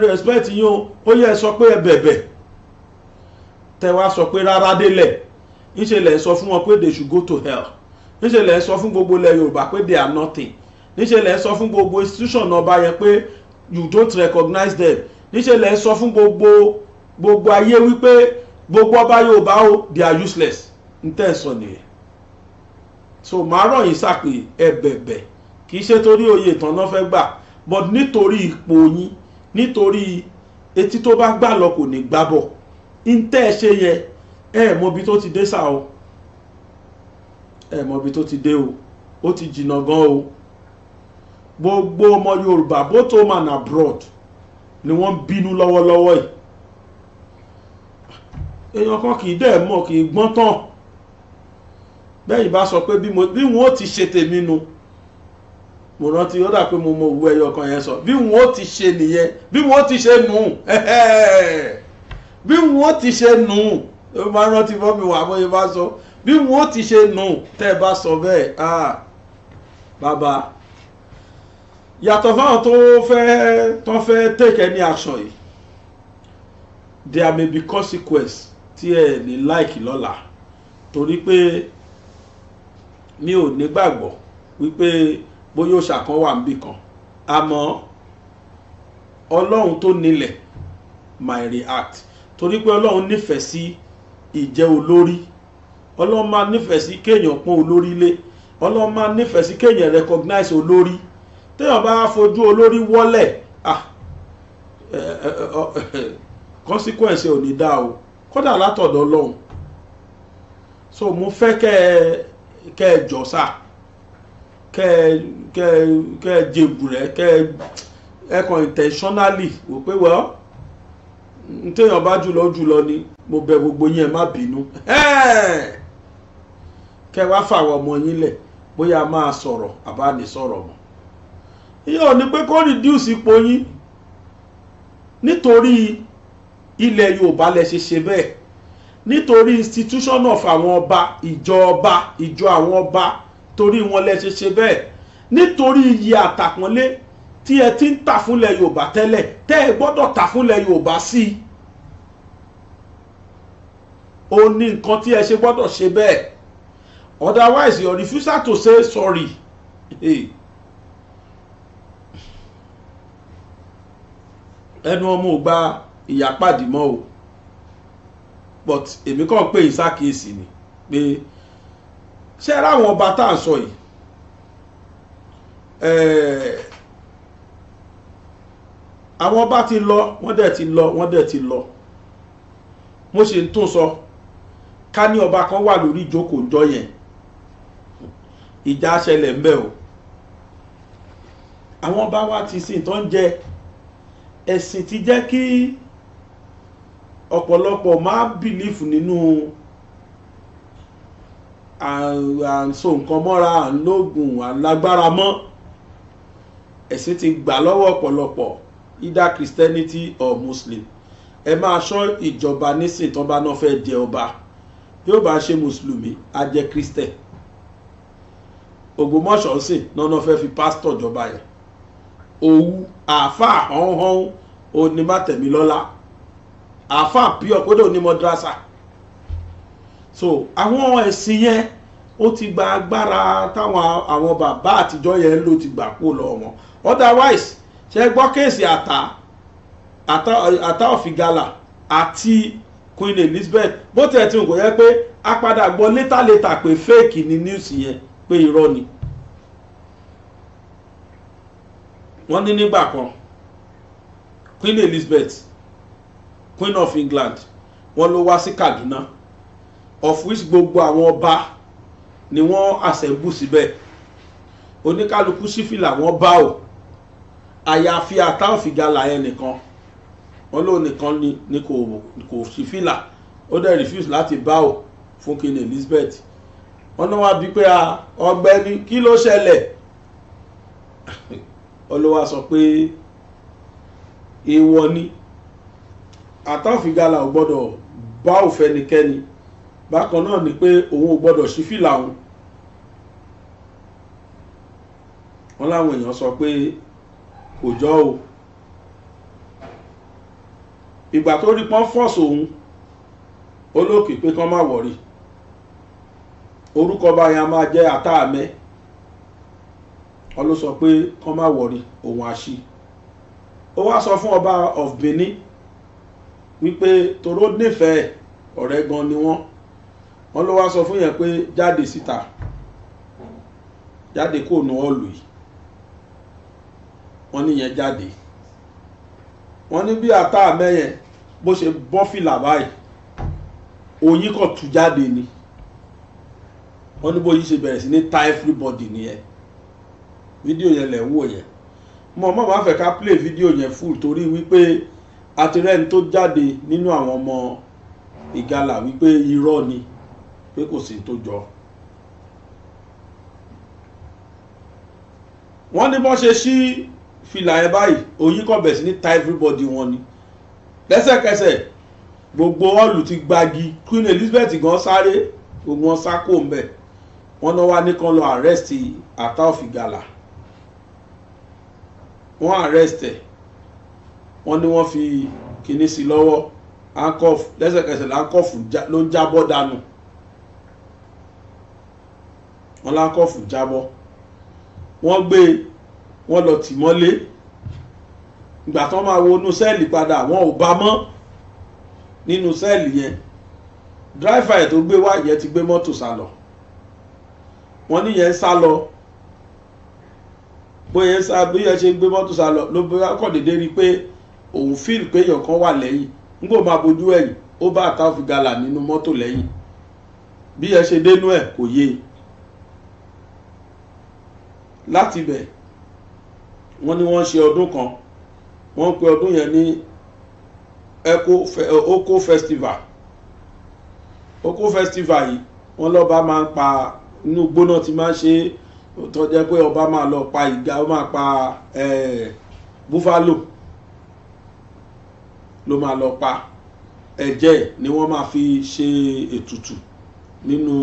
respect yín o ó yẹ sọ pé ẹ bẹ̀bẹ̀ tẹ wá sọ pé rárá délẹ̀ níṣẹ̀lẹ̀ sọ fún wọn pé they should go to hell níṣẹ̀lẹ̀ sọ fún gbogbo ilẹ̀ Yorùbá pé they are nothing níṣẹ̀lẹ̀ sọ fún gbogbo institution ọba yẹn pé you don't recognize them níṣẹ̀lẹ̀ sọ fún gbogbo gbogbo ayé wípé gbogbo ọba Yorùbá o they are useless n tẹ́ ẹ̀ sọ nìyẹn so màá rọ̀ yín sápè ẹ bẹ̀bẹ̀ kì í ṣe torí oyè ìtàn náà fẹ́ gbà but nítorí ipò yín nítorí etí tó bá gbà lọ kò ní gbà bọ̀ ntẹ́ ẹ ṣe yẹ ẹ mọbi tó ti dé sá o ẹ mọbi tó ti dé o ó ti jìnnà gan o gbogbo ọmọ Yorùbá both home and abroad ni wọ́n bínú lọ́wọ́lọ́wọ́ yìí èèyàn kan kì í dẹ̀ mọ̀ kì í gbọ́n tán bẹ́ẹ̀ yìí bá sọ pé bí wọ́n ti ṣe tèmi nu. No mo rántí ó dà pé mo mọ òwú ẹyọ kan yẹn sọ bí wọn ó ti ṣe nìyẹn bí wọn ó ti ṣe nù bí wọn ó ti ṣe nù ó máa rántí bọ́mí wà bóyá bá sọ bí wọn ó ti ṣe nù tẹ́ ẹ bá sọ bẹ́ẹ̀ ah bàbá yàtọ̀ fáwọn tó fẹ́ tó fẹ́ take any action yìí there may be consequence tí ẹ lè like lọ́la torí pé mi ò nígbàgbọ́ wípé bóyá òòṣà kan wà níbì kan àmọ́ ọlọ́run tó nílẹ̀ my react torí pé ọlọ́run nífẹ̀ẹ́ sí ìjẹ́ olórí ọlọ́run máa nífẹ̀ẹ́ sí kéèyàn pọ́n olórí lé ọlọ́run máa nífẹ̀ẹ́ sí kéèyàn recognize olórí téèyàn bá fojú olórí wọ́lẹ̀ ah consequence ò ní dá o kódà látọ̀dọ̀ ọlọ́run so mo fẹ́ kẹ́ ẹ jọ sáà kẹ́ ẹ kẹ́ ẹ kẹ́ ẹ jẹ̀bù rẹ̀ kẹ́ ẹ ẹ kàn intentionally wò pé wọ́n n téèyàn bá jùlọ jùlọ ni mo bẹ̀ gbogbo yín ẹ má bínú kẹ́ ẹ wá fàwọn ọmọ yín lẹ̀ bóyá máa sọ̀rọ̀ àbá ní sọ̀rọ̀ mọ́ iye ò ní pé kó reduce ipò yín nítorí ilẹ̀ Yorùbá lẹ ṣe ṣe bẹ́ẹ̀ nítorí institution of àwọn ọba ìjọ ọba ìjọ àwọn ọba torí wọn lẹ ṣe ṣe bẹ́ẹ̀ nítorí iyì àtàpọ́nlé tí ẹ ti ń tà fúnlẹ̀ yorùbá tẹ́lẹ̀ tẹ́ ẹ gbọ́dọ̀ tà fúnlẹ̀ yorùbá sí i ó ní nǹkan tí ẹ ṣe gbọ́dọ̀ ṣe bẹ́ẹ̀ otherwise your refusal to say sorry ẹnu ọmọ ò gba ìyàpàdé mọ́ o but èmi kàn pé ìsákìyèsí ni pé. Pe ṣé ẹ ráwọn ọba tá à ń sọ yìí àwọn ọba ti lọ wọ́n dẹ̀ ti lọ wọ́n dẹ̀ ti lọ mo ṣe ń tún sọ ká ní ọba kan wà lórí ìjókòó jọ yẹn ìjà ṣẹlẹ̀ ń bẹ o àwọn ọba wa ti sin tó ń jẹ ẹ̀sìn ti jẹ́ kí ọ̀pọ̀lọpọ̀ máa bìlífù nínú. No à ń so nǹkan mọ́ra à ń lóògùn à ń lágbára mọ́ ẹ̀sìn ti gbà lọ́wọ́ ọ̀pọ̀lọpọ̀ either Christianity or Muslim ẹ máa ṣọ́ ìjọba nísìn tó bá náà fẹ́ di ọba yóò bá ṣe mùsùlùmí á jẹ́ Christian Ògbómọ̀ṣọ́ sìn náà náà fẹ́ fi pásítọ̀ jọba yẹn òwú àáfàá hánhán onímọ̀tẹ̀mílọ́lá àáfàá pure kódà onímọ̀ so àwọn ẹ̀sìn yẹn ó ti gba agbára táwọn àwọn bàbá àtijọ́ yẹn ló ti gbà kó lọ wọn otherwise ṣe gbọ́ kéèsì àtà àtà ọ̀fìgalà àti Queen Elizabeth bó tiẹ̀ ti ń kò yẹ pé a padà gbọ́ létà pé fake ni news yẹn pé irọ́ ni wọ́n ní nígbà kan Queen Elizabeth Queen of England wọ́n ló wá sí Kaduna. Si of which gbogbo àwọn ọba ni wọ́n assemble síbẹ̀ oníkálukú sífìlà wọ́n bá o àyàfi àtàǹfìgalà yẹn nìkan wọn lóun nìkan ni kò sífìlà ó dẹ̀ refuse láti bá o fún Queen Elizabeth wọn náà wá bí pé ọ̀gbẹ́ni kí ló ṣẹlẹ̀ olówó sọ pé èèwọ̀ ni àtàǹfìgalà ò gbọ́dọ̀ bá òfẹ́nikẹ́ni bákan náà ni pé òun ò gbọ́dọ̀ sí fìlà òun wọn láwọn èèyàn sọ pé kò jọ o ìgbà tó rí pọ́n fọ́ọ̀sì òun olókè pé kán má wọ̀rí orúkọ báyà máa jẹ́ àtàmẹ́ wọn ló sọ pé kán má wọ̀rí òun àṣì ó wá sọ fún ọba of Benin wípé toró nífẹ̀ẹ́ ọ̀rẹ́ gan ni wọ́n wọ́n ló wá sọ fún yẹn pé jáde síta jáde kó nu ọ̀lù yìí wọ́n níyẹn jáde wọ́n ní bí ata mẹ́yẹn bó ṣe bọ́ fìlà báyìí oyin kò tú jáde ni wọ́n ní bóyin ṣe bẹ̀rẹ̀ sí ní ta everybody nìyẹn fídíò yẹn lẹ̀ ń wò yẹn mo mọ̀ máa fẹ́ ká play fídíò yẹn full torí wípé àtìrẹ́ni tó jáde nínú àwọn ọmọ ìgalà wípé irọ́ ni pé kò sí tó jọ. wọ́n ní bọ́n ṣe ṣí fìlà yẹn báyìí oyin kò bẹ̀ sí ní ta everybody wọn ni lẹ́sẹ̀kẹsẹ̀ gbogbo ọ̀lù ti gbagi Queen Elizabeth gan sáré gbogbo wọn sá kó ń bẹ̀ wọ́n náà wá ní kan lọ arrest Ataof Igala wọ́n arrest ẹ̀ wọ́n ní wọ́n fi kinní sí lọ́wọ́ handcuff lẹ́sẹ̀kẹsẹ̀ handcuff ló ń jábọ́ dànù ọlákọ̀fù jábọ́ wọ́n gbé e, wọ́n lọ tì mọ́lé ìgbà tán máa wo inú sẹ́ẹ̀lì padà wọn ò bá mọ́ nínú sẹ́ẹ̀lì yẹn dráìfà ẹ̀ tó gbé wá yẹn ti gbé mọ́tò sá lọ wọ́n níyẹn sá lọ bóyá sá bóyá ṣe gbé mọ́tò sá lọ ló bá kọ̀ déédé rí i pé òun fíìl pé èèyàn kan wà lẹ́yìn nígbò máa bojú ẹ̀yìn ó bá àtàwọn fi galà nínú mọ́tò lẹ́yìn bí ẹ ṣe dénú ẹ̀ kò yé e láti bẹ̀ wọ́n ní wọ́n ṣe ọdún kan wọ́n pe ọdún yẹn ní oko festival oko festival yìí wọ́n lọ́ba máa ń pa inú gbóná ti máa ń ṣe tó jẹ́ pé ọba máa lọ pa ìga ó máa pa búfálò ló máa lọ pa ẹ̀jẹ̀ ni wọ́n máa fi ṣe ètùtù nínú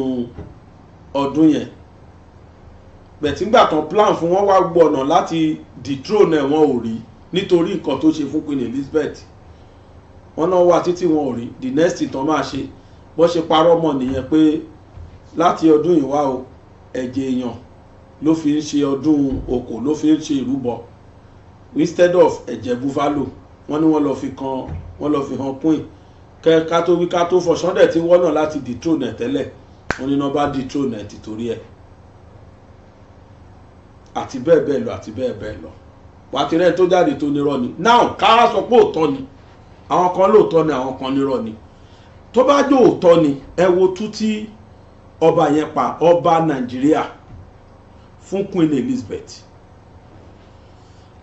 ọdún yẹn bẹ̀tíngbà tán plan fún wọn wá gbọ́ ọ̀nà láti dethrone ẹ̀ wọn ò rí nítorí nǹkan tó ṣe fún Queen Elizabeth wọn náà wà títí wọn ò rí the next thing tán máa ṣe bó ṣe parọ́ mọ́ nìyẹn pé láti ọdún ìwá o ẹ̀jẹ̀ èèyàn ló fi ń ṣe ọdún okò ló fi ń ṣe ìrúbọ instead of ẹ̀jẹ̀ buffalo wọ́n ní wọ́n lọ fi kan wọ́n lọ fi hàn queen kẹ́ ká tó wí ká tó fọ̀ sọ́ndẹ̀ tí wọ́n náà láti dethrone tẹ́lẹ̀ wọ́n ní wọ́n bá dethrone tìtorí ẹ̀ àti bẹ́ẹ̀ bẹ́ẹ̀ lọ àti bẹ́ẹ̀ bẹ́ẹ̀ lọ wàtírẹ́ tó jáde tó nírọ́ ni now káwá sọ pé òótọ́ ni àwọn kan lóòótọ́ ni àwọn kan nírọ́ ni tó bá jó òótọ́ ni ẹ wo tú ọba yẹn pa ọba nàìjíríà fún Queen Elizabeth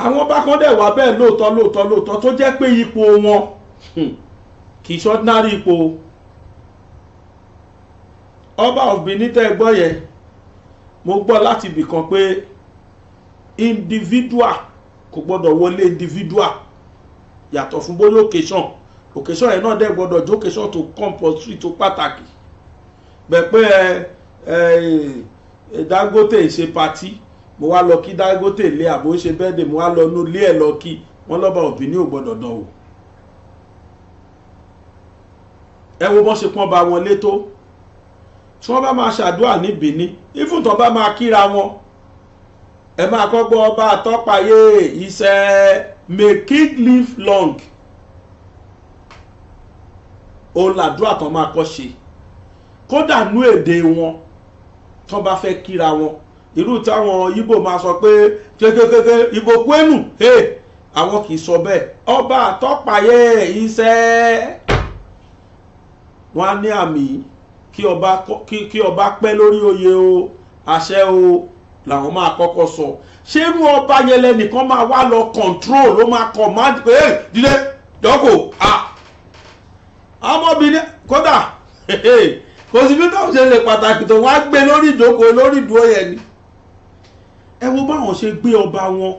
àwọn ọba kan dẹ̀ wá bẹ́ẹ̀ lóòótọ́ lóòótọ́ lóòótọ́ tó jẹ́ pé ipò wọn hmm, kì í ṣọ́dínárì ipò ọba of Benin tẹ́ gbọ́ yẹn mo gbọ́ láti ibì kan pé individual kò gbọ́dọ̀ wọlé individual yàtọ̀ fún bóyá occasion occasion yẹn náà dẹ̀ gbọ́dọ̀ jó occasion tó compulsory tó pàtàkì bẹ́ẹ̀ pé ẹ ẹ Dangote ṣe party mo wá lọ kí Dangote lé àbò ṣe birthday mo wá lọ nú ilé ẹ̀ lọ kí wọ́n lọ́ba òbí ní ò gbọ́dọ̀ dán wò ẹ wo bọ́n ṣe pọ́n ba wọn létó tí wọ́n bá máa ṣàdúrà ní Benin ifun tó bá máa kíra wọn ẹ máa kọ́ gbọ́ ọba àtọ́pàyé iṣẹ́ may king live long òun làdúrà tán máa kọ́ ṣe kódà nú èdè wọn tán bá fẹ́ kíra wọn irú táwọn Ìgbò máa sọ pé kékékéké Ìgbò kwenu àwọn kì í sọ bẹ́ẹ̀ ọba àtọ́pàyé iṣẹ́ wọn á ní àmì kí ọba pẹ́ lórí oyè o àṣẹ o làwọn máa kọ́kọ́ sọ ṣérú ọba yẹn lẹ́nìkan máa wá lọ control ló máa command pé ẹ dídé jókòó à ọmọbìnrin kódà kò sí bí táwọn ṣe lè pàtàkì tó wá gbé lórí ìjókòó lórí ìdúró yẹn ni ẹ wo báwọn ṣe gbé ọba wọn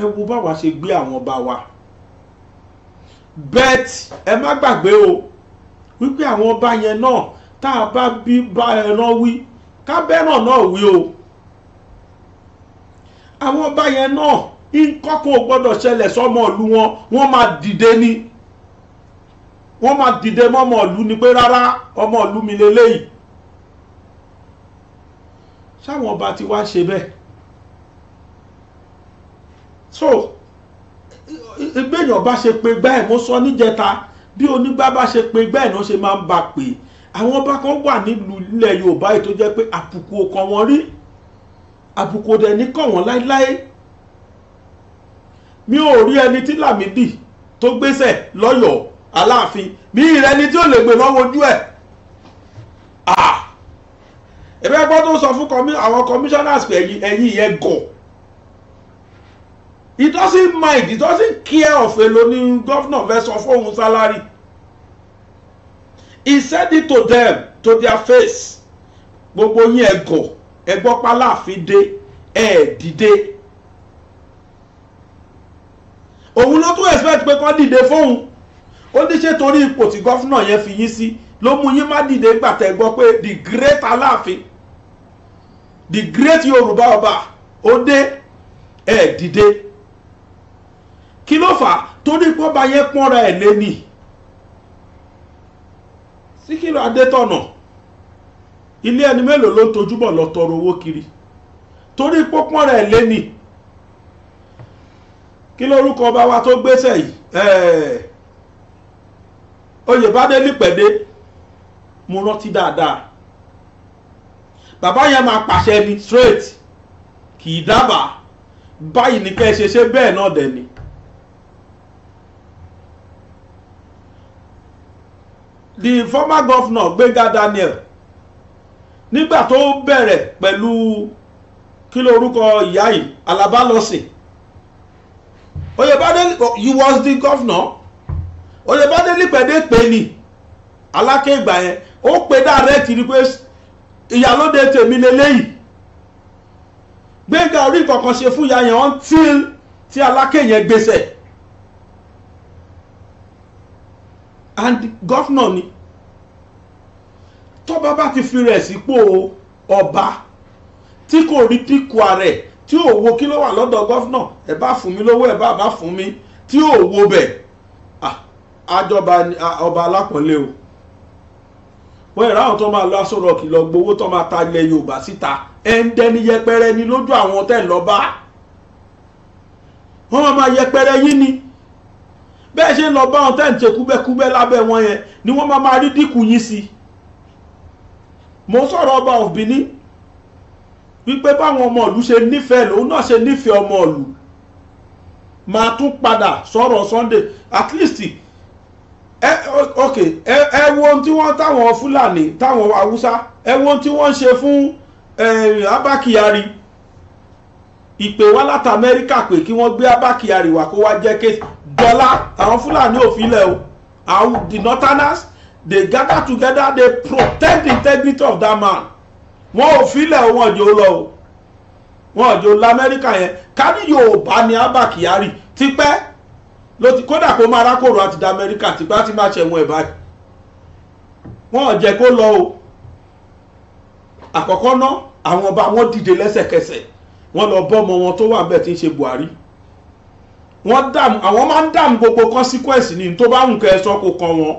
ẹ wo báwa ṣe gbé àwọn ọba wa bet ẹ má gbàgbé o wípé àwọn ọba yẹn náà tá a bá bí bá ẹ náà wí ká bẹ́ẹ̀ náà náà wí o àwọn ọba yẹn náà nkọ́kọ́ ò gbọ́dọ̀ ṣẹlẹ̀ sọ́mọ ìlú wọn wọ́n máa dìde ni wọ́n máa dìde mọ́mọ ìlú ni pé rárá ọmọ ìlú mi lélẹ́yìí sáwọn ọba ti wá ṣe bẹ́ẹ̀ so ìgbéyàn bá ṣe pé bẹ́ẹ̀ mo sọ níjẹta bí onígbà bá ṣe pé bẹ́ẹ̀ náà ṣe máa ń ba pè àwọn ọba kan wà nílùú ilẹ̀ Yorùbá yìí tó jẹ́ pé àpùkù ọkàn wọn rí àbùkù dẹ̀ ní kàn wọ́n láéláé mi ò rí ẹni tí Lámìdí tó gbéṣẹ̀ lọ́yọ̀ọ́ aláàfin mi ìrẹ́ ni tí ò lè gbé lọ́wọ́ ojú ẹ̀ ẹ̀bẹ́ gbọ́ tó sọ fún àwọn commissioners pé ẹ̀yìn yẹn gọ̀ it doesn't mind it doesn't care of a ni gọ́fìnà fẹ́ sọ fún òun salary he said it to them to their face gbogbo yín ẹ̀ gọ̀ ẹ gbọ́ pálàfin dé ẹ dìde òun ló tún expect pé kán dìde fóun ó ní ṣe torí ipò tí gọ́fúnà yẹn fi yín sí ló mú yín má dìde gbàtẹ́ gbọ́ pé the great aláàfin the great yorùbá ọba ó dé ẹ dìde kí ló fà á torí pọ́ba yẹn pọ́nra ẹ̀ lé ni Síkírù Adétọ̀nà. No ilé ẹni mélòó ló tojúbọ̀ lọ tọrọ owó kiri torí pópọ́n rẹ̀ lẹ́ni kí lórúkọ ọba wa tó gbéṣẹ́ yìí oyèbádé nípẹ̀dé mo rántí dáadáa bàbá yẹn máa pàṣẹ ni straight kì í dábàá báyìí ní kẹ́ ẹ ṣe ṣe bẹ́ẹ̀ náà dẹ̀ ni. the former governor Gbenga Daniel nígbà tó bẹ̀rẹ̀ pẹ̀lú kí ló orúkọ ìyá yìí Alaba lọ́sìn Oyèbádé he was the governor Oyèbádé nípẹ̀dé pé ni aláké ìgbà yẹn ó pe direct ni pé ìyálóde tèmi lélẹ́yìí gbẹ̀ngà orí kankan ṣe fún ìyá yẹn until tí aláké yẹn gbèsè and governor ni tọ́ba bá ti fi rẹ̀ sípò ọba tí kò rí píkù rẹ̀ tí ò wo kí ló wà lọ́dọ̀ gọ́fúnà ẹ̀ bá fún mi lówó ẹ̀ bá bá fún mi tí ò wo bẹ̀ ah, àjọba ah, ọba alápọ̀nlé o wọ́n ẹ̀rọ àwọn tó máa lọ aṣọ rọ̀kì lọ gbowó tó máa ta ilẹ̀ Yorùbá síta ẹ̀ ń dẹni yẹpẹrẹ ni lójú àwọn tẹ̀ lọ́ba wọ́n máa máa yẹpẹrẹ yín ni bẹ́ẹ̀ ṣe ń lọ bá wọn tẹ̀ ń ṣe kúbẹ́kúbẹ́ lábẹ́ wọn yẹn ni wọ́n máa máa rí dínkù yín sí i mo sọ̀rọ̀ ọba òbíní wípé báwọn ọmọ ìlú ṣe nífẹ̀ẹ́ lòun náà ṣe nífẹ̀ẹ́ ọmọ ìlú máa tún padà sọ̀rọ̀ Sunday at least ẹ ok ẹ ẹ wo ohun tí wọ́n táwọn Fúlàní táwọn Haúsá ẹ wo ohun tí wọ́n ń ṣe fún Abba Kyari ìpè wá láti Amẹ́ríkà pé kí wọ́n gbé Abba Kyari wá kó wá jẹ́ ké dọ́là àwọn Fúlàní òfin lẹ̀ o àwọn the northerners they gather together they protect the integrity of that man wọn ò filẹ̀ wọn jò lọ o wọn jò lọ amẹ́ríkà yẹn kárí yorùbá ni abba kyari tipẹ́ ló ti kódà kó máa rákòrò àti da amẹ́ríkà tipẹ́ àti máa ṣẹ̀wọ̀n ẹ̀ báyìí wọn ò jẹ́ kó lọ o àkọ́kọ́ ná àwọn ọba wọn dìde lẹ́sẹ̀kẹsẹ̀ wọ́n lọ bọ́mọ wọn tó wà bẹ́ẹ̀ tí ń ṣe buhari wọ́n dàm àwọn máa ń dàm gbogbo consequence ní tó bá wù kẹ́ ẹ sọ kó kan wọn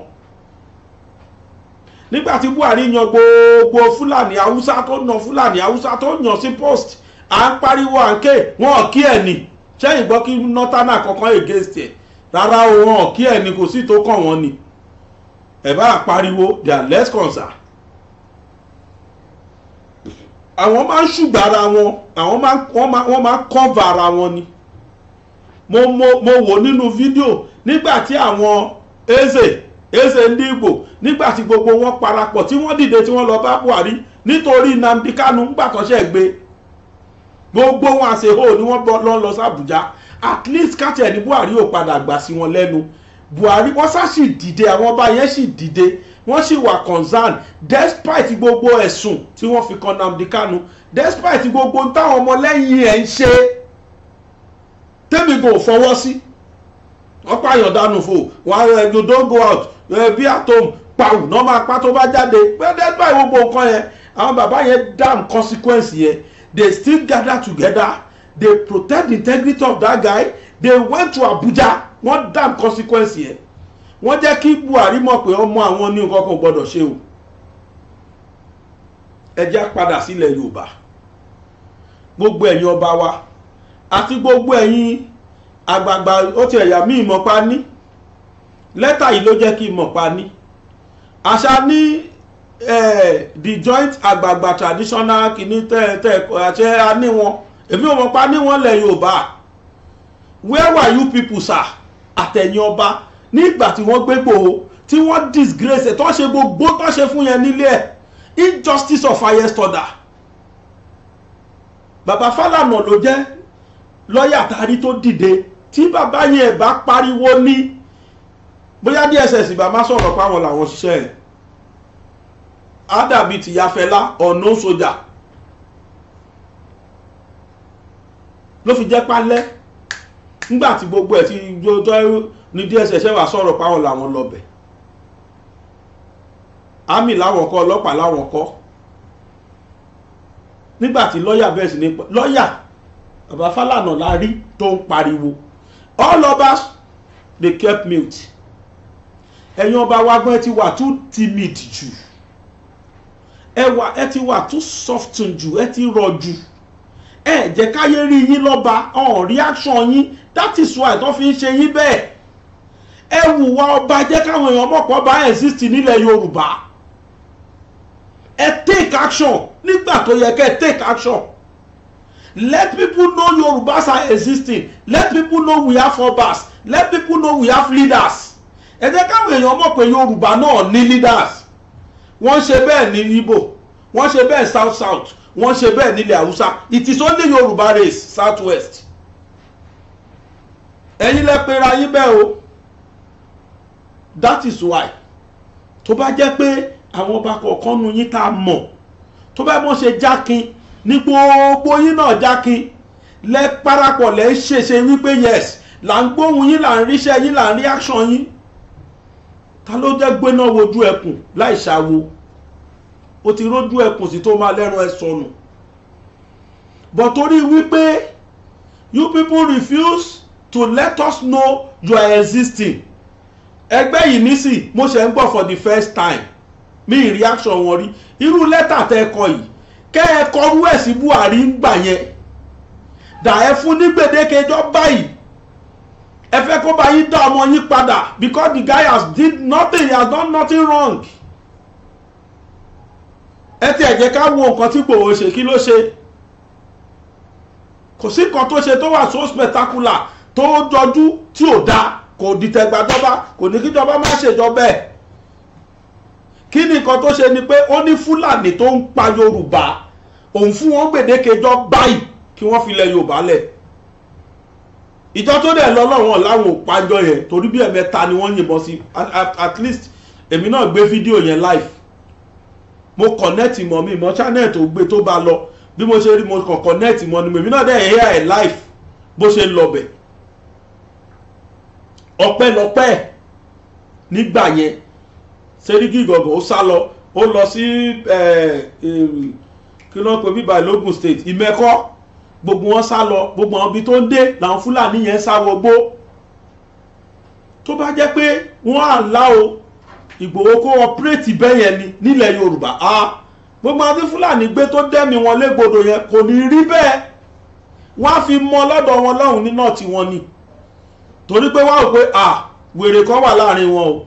nígbà tí Buhari yan gbogbo Fúlàní Haúsá tó yan Fúlàní Haúsá tó yan sí post à ń pariwo àǹkè wọn ò kí ẹ̀ nì sẹ́yìn gbọ́ kí nọ́tánà kankan against ẹ̀ rárá o wọn ò kí ẹ̀ nì kò sí tó kàn wọ́n ni ẹ̀ bá pariwo they are less concerned àwọn máa ń ṣùgbọ́n ara wọn àwọn máa ń cover ara wọn ni mo mo mo wò nínú fídíò nígbà tí àwọn eze èsè ndị Igbo nígbàtí gbogbo wọn parapọ̀ tí wọ́n dìde tí wọ́n lọ bá Buhari nítorí Nnamdi Kanu ń gbàtọ́ṣẹ́ gbé gbogbo wọn àṣehó ni wọ́n lọ lọ sí at least kàtẹ́ ní Buhari ò padà gbà sí wọn lẹ́nu Buhari wọ́n sá sì dìde àwọn ọba yẹn sì dìde wọ́n sì wà concern despite gbogbo ẹ̀sùn tí wọ́n fi kan Nnamdi Kanu despite gbogbo táwọn ọmọlẹ́yìn ẹ̀ ń ṣe tẹ́mi kò fọwọ́ sí ọ̀pá àyọ̀dánù fò wàá you don't go out Eh, bí atom pàwù náà máa pa tó bá jáde that's why gbogbo nǹkan yẹn àwọn bàbá yẹn damn consequence yẹn they still gather together they protect the integrity of that guy they went to Abuja wọ́n damn consequence yẹn wọ́n jẹ́ kí Buhari mọ̀ pé ọmọ àwọn ní nǹkan kan gbọ́dọ̀ ṣe o ẹ jẹ́ padà sílẹ̀ Yorùbá gbogbo ẹ̀yin ọba wa àti gbogbo ẹ̀yin àgbààgbà ó ti ẹ̀yà míì mọ́pá ní lẹ́tà yìí ló jẹ́ kí n mọ̀ pa ní àṣà ní the joint àgbààgbà traditional kìíní tẹ́ẹ̀tẹ́ àṣẹ aníwọ̀n èmi ò mọ̀ pa níwọ̀n lẹ̀ Yorùbá where were you people sa àtẹ̀yìn ọba ní ìgbà tí wọ́n gbégbò tí wọ́n disgrace tó ṣe gbogbo tó ṣe fún yẹn nílé ẹ̀ injustice of highest order bàbá Fálànà ló jẹ́ lọ́ọ̀yà tari tó dìde tí bàbá yẹn bá pariwo ní bóyá DSS ìbá má sọ̀rọ̀ páwọn làwọn ṣiṣẹ́ yẹn á dàbí tìyàfẹ́lá ọ̀nà sójà ló fi jẹ́ pálẹ́ nígbà tí gbogbo ẹ̀ ti jọjọ́ ní DSS wà sọ̀rọ̀ páwọn làwọn lọ́bẹ̀ àmì láwọn kọ́ ọlọ́pàá láwọn kọ́ nígbà tí lọ́ọ̀yà bẹ́ẹ̀ sì ní lọ́ọ̀yà bàbá Fálànà la rí tó ń pariwo all of us dey kept mute ẹ̀yin ọba wa gan ẹ ti wà too timid jù ẹ wà ẹ ti wà too soft jù ẹ ti rọ̀ jù ẹ jẹ́ káyé rí yín lọ́ba ọ̀n reaction yín that is why tó fi ń ṣe yín bẹ́ẹ̀ ẹ wùwà ọba jẹ́ káwọn èèyàn mọ̀pọ̀ bá exist nílẹ̀ Yorùbá ẹ take action nígbà tó yẹ kẹ́ ẹ take action let people know Yorùbás are existing let people know we have obas let people know we have leaders ẹ jẹ́ káwọn èèyàn mọ̀ pé yorùbá náà ní leaders wọ́n ṣe bẹ́ẹ̀ ní Ìgbò wọ́n ṣe bẹ́ẹ̀ south south wọ́n ṣe bẹ́ẹ̀ nílẹ̀ haúsá it is only yorùbá race south west ẹ̀yin lẹ pera yín bẹ́ẹ̀ o that is why tó bá jẹ́ pé àwọn ọba kọ̀ọ̀kan nu yín tá a mọ̀ tó bá mọ̀ ṣe jákin ní gbogbo yín náà jákin lẹ parapọ̀ lẹ ṣèṣe wípé yes là ń gbóhùn yín là ń ríṣẹ́ yín là ń rí action yín ta ló jẹ́ gbéná wojú ẹkùn láì ṣàwo o ti rójú ẹkùn sí tó máa lẹ́nu ẹ sọnù torí wípé you people refuse to let us know you are existing ẹgbẹ́ yìí nísì mo ṣe ń gbọ́ for the first time mi ì reaction wọn rí irú lẹ́tà tẹ́ ẹ kọ yìí kẹ́ ẹ kọrú ẹ̀ sí Buhari ń gbà yẹn dà ẹ fún ní gbèdéke ẹjọ́ báyìí ẹ fẹ́ kó bá yín dá ọmọ yín padà because the guy has did nothing he has done nothing wrong ẹ tiẹ̀ jẹ́ ká wo nǹkan tí Ìgbòho ṣe kí ló ṣe kò sí nǹkan tó ṣe tó wà so spectacular tó jọjú tí ò dáa kò dìtẹ̀gbàjọba kò ní kíjọba má ṣèjọba ẹ̀ kí ni nǹkan tó ṣe ni pé ó ní Fúlàní tó ń pa Yorùbá òun fún wọn gbèdéke jọ báyìí kí wọ́n fi lẹ̀ Yorùbá lẹ̀ ìjọ tó dẹ̀ lọ lọ́wọ́ láwọn òpájọ yẹn torí bí ẹ̀mẹ́ta ni wọ́n yìnbọn sí at least èmi náà gbé fídíò yẹn live mo connect mọ́ mi mọ́ channel tó gbé tó bá lọ bí mo ṣe rí mo kàn connect mọ́ ni èmi náà dẹ̀ hear ẹ̀ live bó ṣe lọ bẹ̀ ọpẹ́lọpẹ́ nígbà yẹn Seriki Ìgangan ó sá lọ ó lọ sí kí ló ń pè bíbá ìlógún state Ìmẹ̀kọ́ gbogbo wọn sá lọ gbogbo àwọn ibi tó ń dé làwọn fúlàní yẹn sá wọgbó tó bá jẹ́ pé wọ́n á lá o ìgbòho kó ọpírẹ́tì bẹ́ẹ̀ yẹn ni nílẹ̀ yorùbá a gbogbo àti fúlàní gbé tó dẹ́mi wọn légbodò yẹn kò ní rí bẹ́ẹ̀ wọ́n á fi mọ lọ́dọ̀ wọn lọ́hùn nínú ọ̀tí wọn ni torí pé wọ́n rò pé à wèrè kan wà láàrin wọn o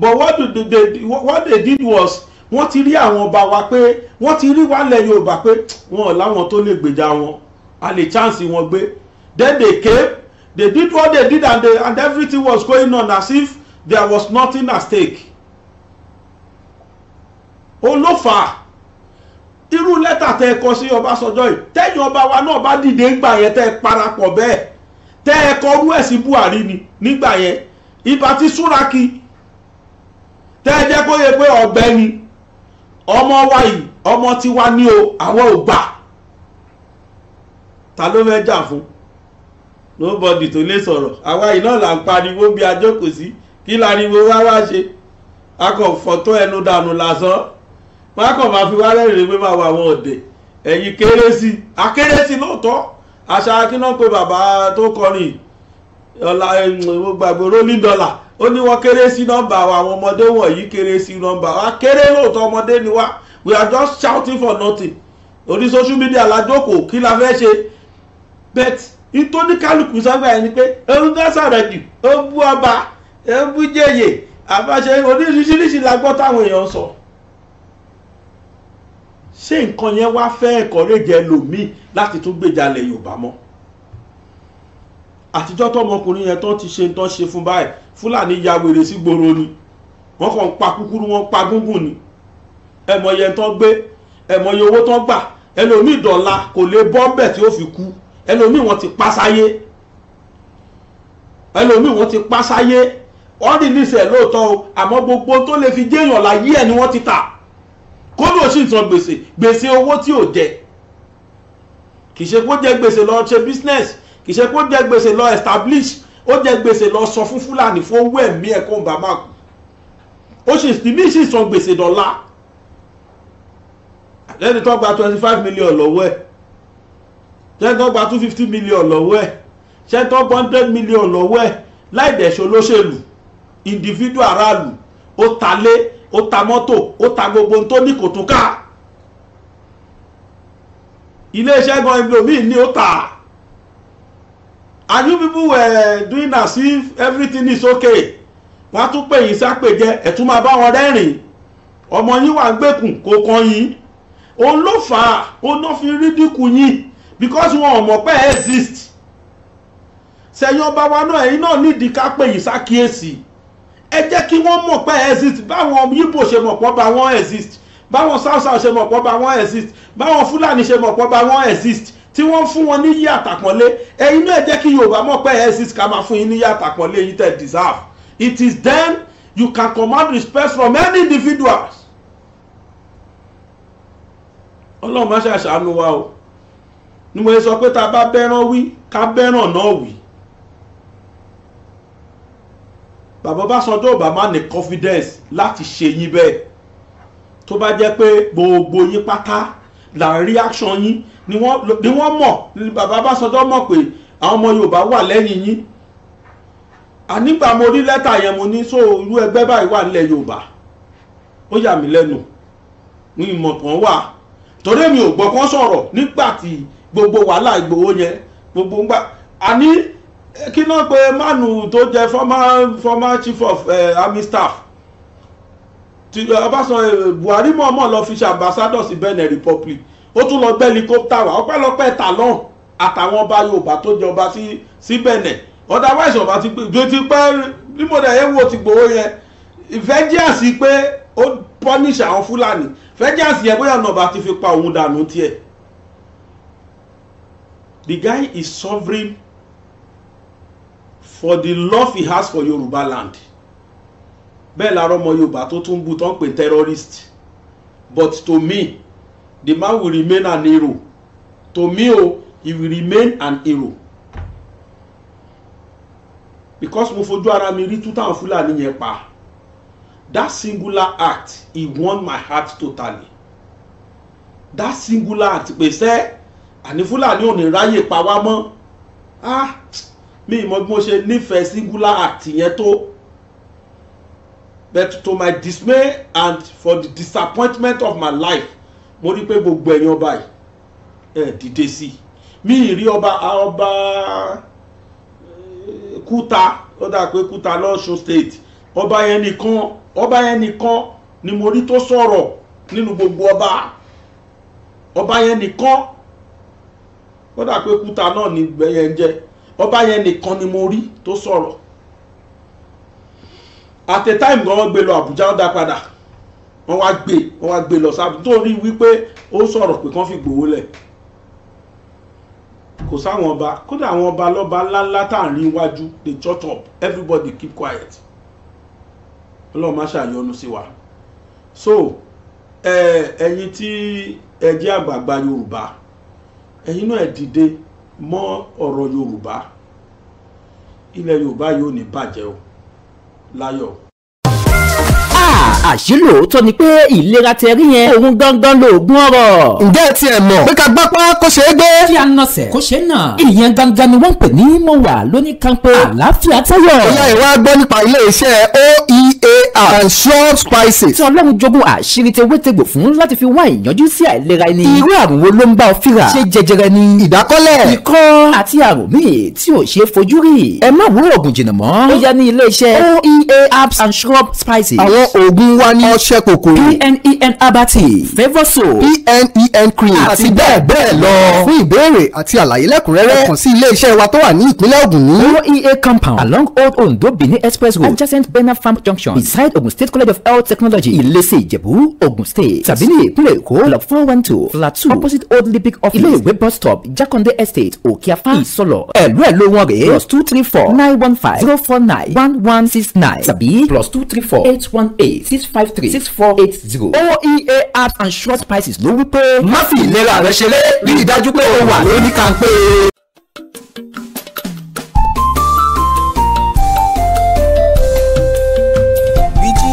but what they, what they did was wọ́n ti rí àwọn ọba wa pé wọ́n ti rí wàlẹ̀ yorùbá pé wọn ò láwọn tó lè gbèjà wọn a lè chance wọn gbé then they came they did what they did and, they, and everything was going on as if there was nothing at stake olófà irú lẹ́tà tẹ́ ẹ kọ sí Ọbásanjọ́ yìí tẹ́yìn ọba wa náà bá dìde ńgbà yẹn tẹ́ ẹ parapọ̀ bẹ́ẹ̀ tẹ́ ẹ kọ orú ẹ̀ sí Buhari ni nígbà yẹn ibà ti súnrakì tẹ́ ẹ jẹ́ kó yẹ pé ọ̀gbẹ́ni ọmọ wa yìí ọmọ tiwa ni o àwọn ò gbà ta ló fẹ́ jà fún nobody tó lè sọ̀rọ̀ àwa yìí náà là ń pariwo bí a jókòó sí kí lariwo wá wá ṣe a kò fọ̀tọ́ ẹnu dànù lásán wọn kàn máa fi wá rẹ́rìn pé máa wọ àwọn ọ̀dẹ̀ ẹ̀yìn kérésì akérésì lóòótọ́ àṣà akínà pé bàbá tó kọrin ọ̀la gbàgbé rolling dollar ó ní wọ́n kérésì nọ́mbà àwọn ọmọdé wọ̀nyí kérésì nọ́mbà wa kéré lóòótọ́ ọmọdé ni wá we are just shouting for nothing orí social media la jókòó kí la fẹ́ ṣe bet ìtóníkálukú sábà ẹni pé òun tó sọ̀rọ̀ jù ó bú ọba ó bú jẹyẹ àbáṣe oríṣiríṣi la gbọ́ táwọn èèyàn sọ ṣé nǹkan yẹn wá fẹ́ ẹ̀kọ́ léjẹ lòmíì láti tún gbèjalè Yorùbá mọ́ àtijọ́ tọmọkùnrin yẹn tó ti ṣe tó ṣe fún báyìí Fúlàní ya wèrè sí gbòòrò ni wọ́n kàn ń pa kúkúrú wọ́n pa gúngùn ni ẹ̀mọ̀yẹ tó gbé ẹ̀mọ̀yẹ owó tó gbà ẹlòmíì dọ̀la kò lè bọ́ bẹ̀ tí ó fi kú ẹlòmíì wọ́n ti pásáyé ẹlòmíì wọ́n ti pásáyé wọ́n rìlíìsì ẹ̀ lóòótọ́ o àmọ́ gbogbo tó lè fi jẹ́yàn láyé ẹ̀ ni wọ́n ti tà kódò sì san gbèsè gbèsè owó tí ò jẹ kì í ṣe kó jẹ gbèsè lọ ṣe business kì í ṣe kó jẹ gbèsè lọ establish ó jẹ gbèsè lọ sọ fún fúlàní fún owó ẹ̀mí ẹ̀ kó ń bá má kú ó sì tìmí sì san gbèsè dọ́là lẹ́ni tó gba twenty five million lọ́wọ́ ẹ̀ ṣẹ́ńtọ́ gba two fifty million lọ́wọ́ ẹ̀ ṣẹ́ńtọ́ gba hundred million lọ́wọ́ ẹ̀ láì dẹ̀ṣọ́ olóṣèlú individual aráàlú ó ta lé ó ta mọ́tò ó ta gbogbo ohun tó ní kò tún ká iléeṣẹ́ gan ibòmíì ni ó tà and you people were doing as if everything is okay wọ́n á tún pè yín sápèjẹ ẹ tún máa bá wọn rẹ́rìn ọmọ yín wà ń gbẹ̀kùn kó kan yín òun ló fà á òun ló fi rídìkù yín because wọn ò mọ̀ pé exist sẹ́yìn ọba wa náà ẹ̀yin náà nídìí ká pè yìí sákìyèsí ẹ jẹ́ kí wọ́n mọ̀ pé exist báwọn yíbò ṣe mọ̀ pọ́ bá wọn exist báwọn sáúsá ṣe mọ̀ pọ́ bá wọn exist báwọn fúlàní ṣe mọ̀ pọ́ bá wọn exist tí wọ́n fún wọn ní yí àtàpọ̀nlé ẹ̀yin náà ẹ jẹ́ kí yorùbá mọ̀ pé exist ká máa fún yín ní yí àtàpọ̀nlé yìí tẹ̀ deserve it is then you can command respect from any individual ọlọ́run má ṣàṣàánú wa o ni mo sọ pé tá a bá bẹ́ràn wí ká bẹ́ràn náà wí bàbá Ọbásanjọ́ ò bá má ní confidence láti ṣe yín bẹ́ẹ̀ tó bá jẹ́ pé gbogbo yín pátá là ń reaction yín ni wọ́n mọ̀ bàbá Ọbásanjọ́ mọ̀ pé àwọn ọmọ Yorùbá wà lẹ́yìn yín ànígbà mo rí lẹ́tà yẹn mo ní so irú ẹgbẹ́ báyìí wà nílẹ̀ Yorùbá ó yà mí lẹ́nu ní ìmọ̀ kan wà torí mi ò gbọ́ kán sọ̀rọ̀ nígbà tí gbogbo wàhálà Ìgbòho yẹn gbogbo ń gbà àní eh, kí náà pé mánu tó jẹ former former chief of uh, army staff ti eh, Ọbásanjọ́ Buhari mọ̀ọ́mọ̀ lọ fi ṣe ambassador sí Benin Republic ó tún lọ gbé helicopter wá ọpẹ́lọpẹ́ Talon àtàwọn ọba Yorùbá tó jọba sí sí Benin otherwise ọba ti pé ti pẹ́ nímọ̀dà yẹn wo ti Ìgbòho yẹn vengeance pé ó punish àwọn Fúlàní vengeance yẹn bóyá ọ̀nà ọba ti fi pa òun dànù tiẹ̀ the guy is sovereign for the love he has for Yorùbá land bẹ́ẹ̀ làárọ̀ ọmọ Yorùbá tó tún bú tán pé terrorist but to me the man will remain an hero to me o he will remain an hero because mo fojú ara mi rí two thousand Fúlàní yẹn pa that singular act he won my heart totally that singular act pèsè àní fúlàní ò ní ráyè pa wá mọ́ ah mi ìmọ̀ bí mo ṣe nífẹ̀ẹ́ singular act yẹn tó but to my dismay and for the disappointment of my life mo rí pé gbogbo ẹ̀yin ọba yìí ẹ̀ dìde sí i mi ì rí ọba ọba eh, kúta ó dà pé kúta lọ́sùn state ọba yẹn nìkan ọba yẹn nìkan ni mo rí tó sọ̀rọ̀ nínú gbogbo ọba ọba yẹn nìkan kódà pé kúta náà ni gbẹ̀yẹn jẹ́ ọba yẹn nìkan ni mo rí tó sọ̀rọ̀ at a time gan wọ́n gbé lọ Àbújá ó dá padà wọ́n wá gbé wọ́n wá gbé lọ sábà tó rí wípé ó sọ̀rọ̀ pé kán fi gbowó lẹ̀ kò sáwọn ọba kódà àwọn ọba lọ́ba ńláńlá tá à ń rí iwájú they shut up everybody keep quiet ọlọ́run má ṣàyọnu sí wa so ẹ̀yin tí ẹ jẹ́ àgbààgbà Yorùbá ẹ̀yin náà dìde mọ́ ọ̀rọ̀ yorùbá ilẹ̀ yorùbá yóò ní bàjẹ́ o láyọ̀ àṣì lóòótọ́ ni pé ìlera tẹ rí yẹn òun gangan lóògùn ọ̀rọ̀. ǹjẹ́ ẹ tiẹ̀ mọ̀ pé ká gbọ́ pé kó ṣeé gbé. kí a nọ sẹ̀ kó ṣeé nà. ìyẹn gangan ni wọ́n ń pè ní mo wà lóní àlàáfíà tẹ́yọ̀. ìyá ìwà gbọ́ nípa ilé iṣẹ́ oe Ah. and sure spices. tí ọlọ́run jogún àṣírí tewé tegbò fún láti fi wá ìyanjú sí àìlera ẹni. irú àrùn wo ló ń bá ọ fíra. ṣé jẹjẹrẹ ni. ìdákọ́lẹ̀. ikọ́ àti àrùn míì tí ò ṣeé fojú rí. ẹ má wúrò oògùn jìnnà mọ́. ó yá ní ilé iṣẹ́ oea herbs and shrub spices. àwọn oògùn wa ní ọṣẹ kòkòrò. pnen herbal tea favour soap. pnen e cream àti bẹ́ẹ̀ bẹ́ẹ̀ lọ. fún ìbéèrè àti àlàyé lẹ́kùnrẹ́rẹ́ kàn sí ilé iṣẹ́ wa tó wà ní ìpínlẹ̀ Ògùn ní. oea compound along old Ondo Benin expressway adjacent Bena farm junction beside at Ogun State College of Health Technology Ilese Ìjẹ̀bú Ogun State tàbí ní ìpínlẹ̀ Èkó plot four one two flat two opposite Old Lipic office ilé bus stop Jakonde estate Òkèàfà Ìsọlọ̀ ẹ̀lú ẹ̀ ló rè é plus two three four nine one five zero four nine one one six nine tàbí plus two three four eight one eight six five three six four eight zero oea apps and short prices ló wí pé má fi ìlera rẹ ṣeré rí i dájú pé o wà lórí kàńpé.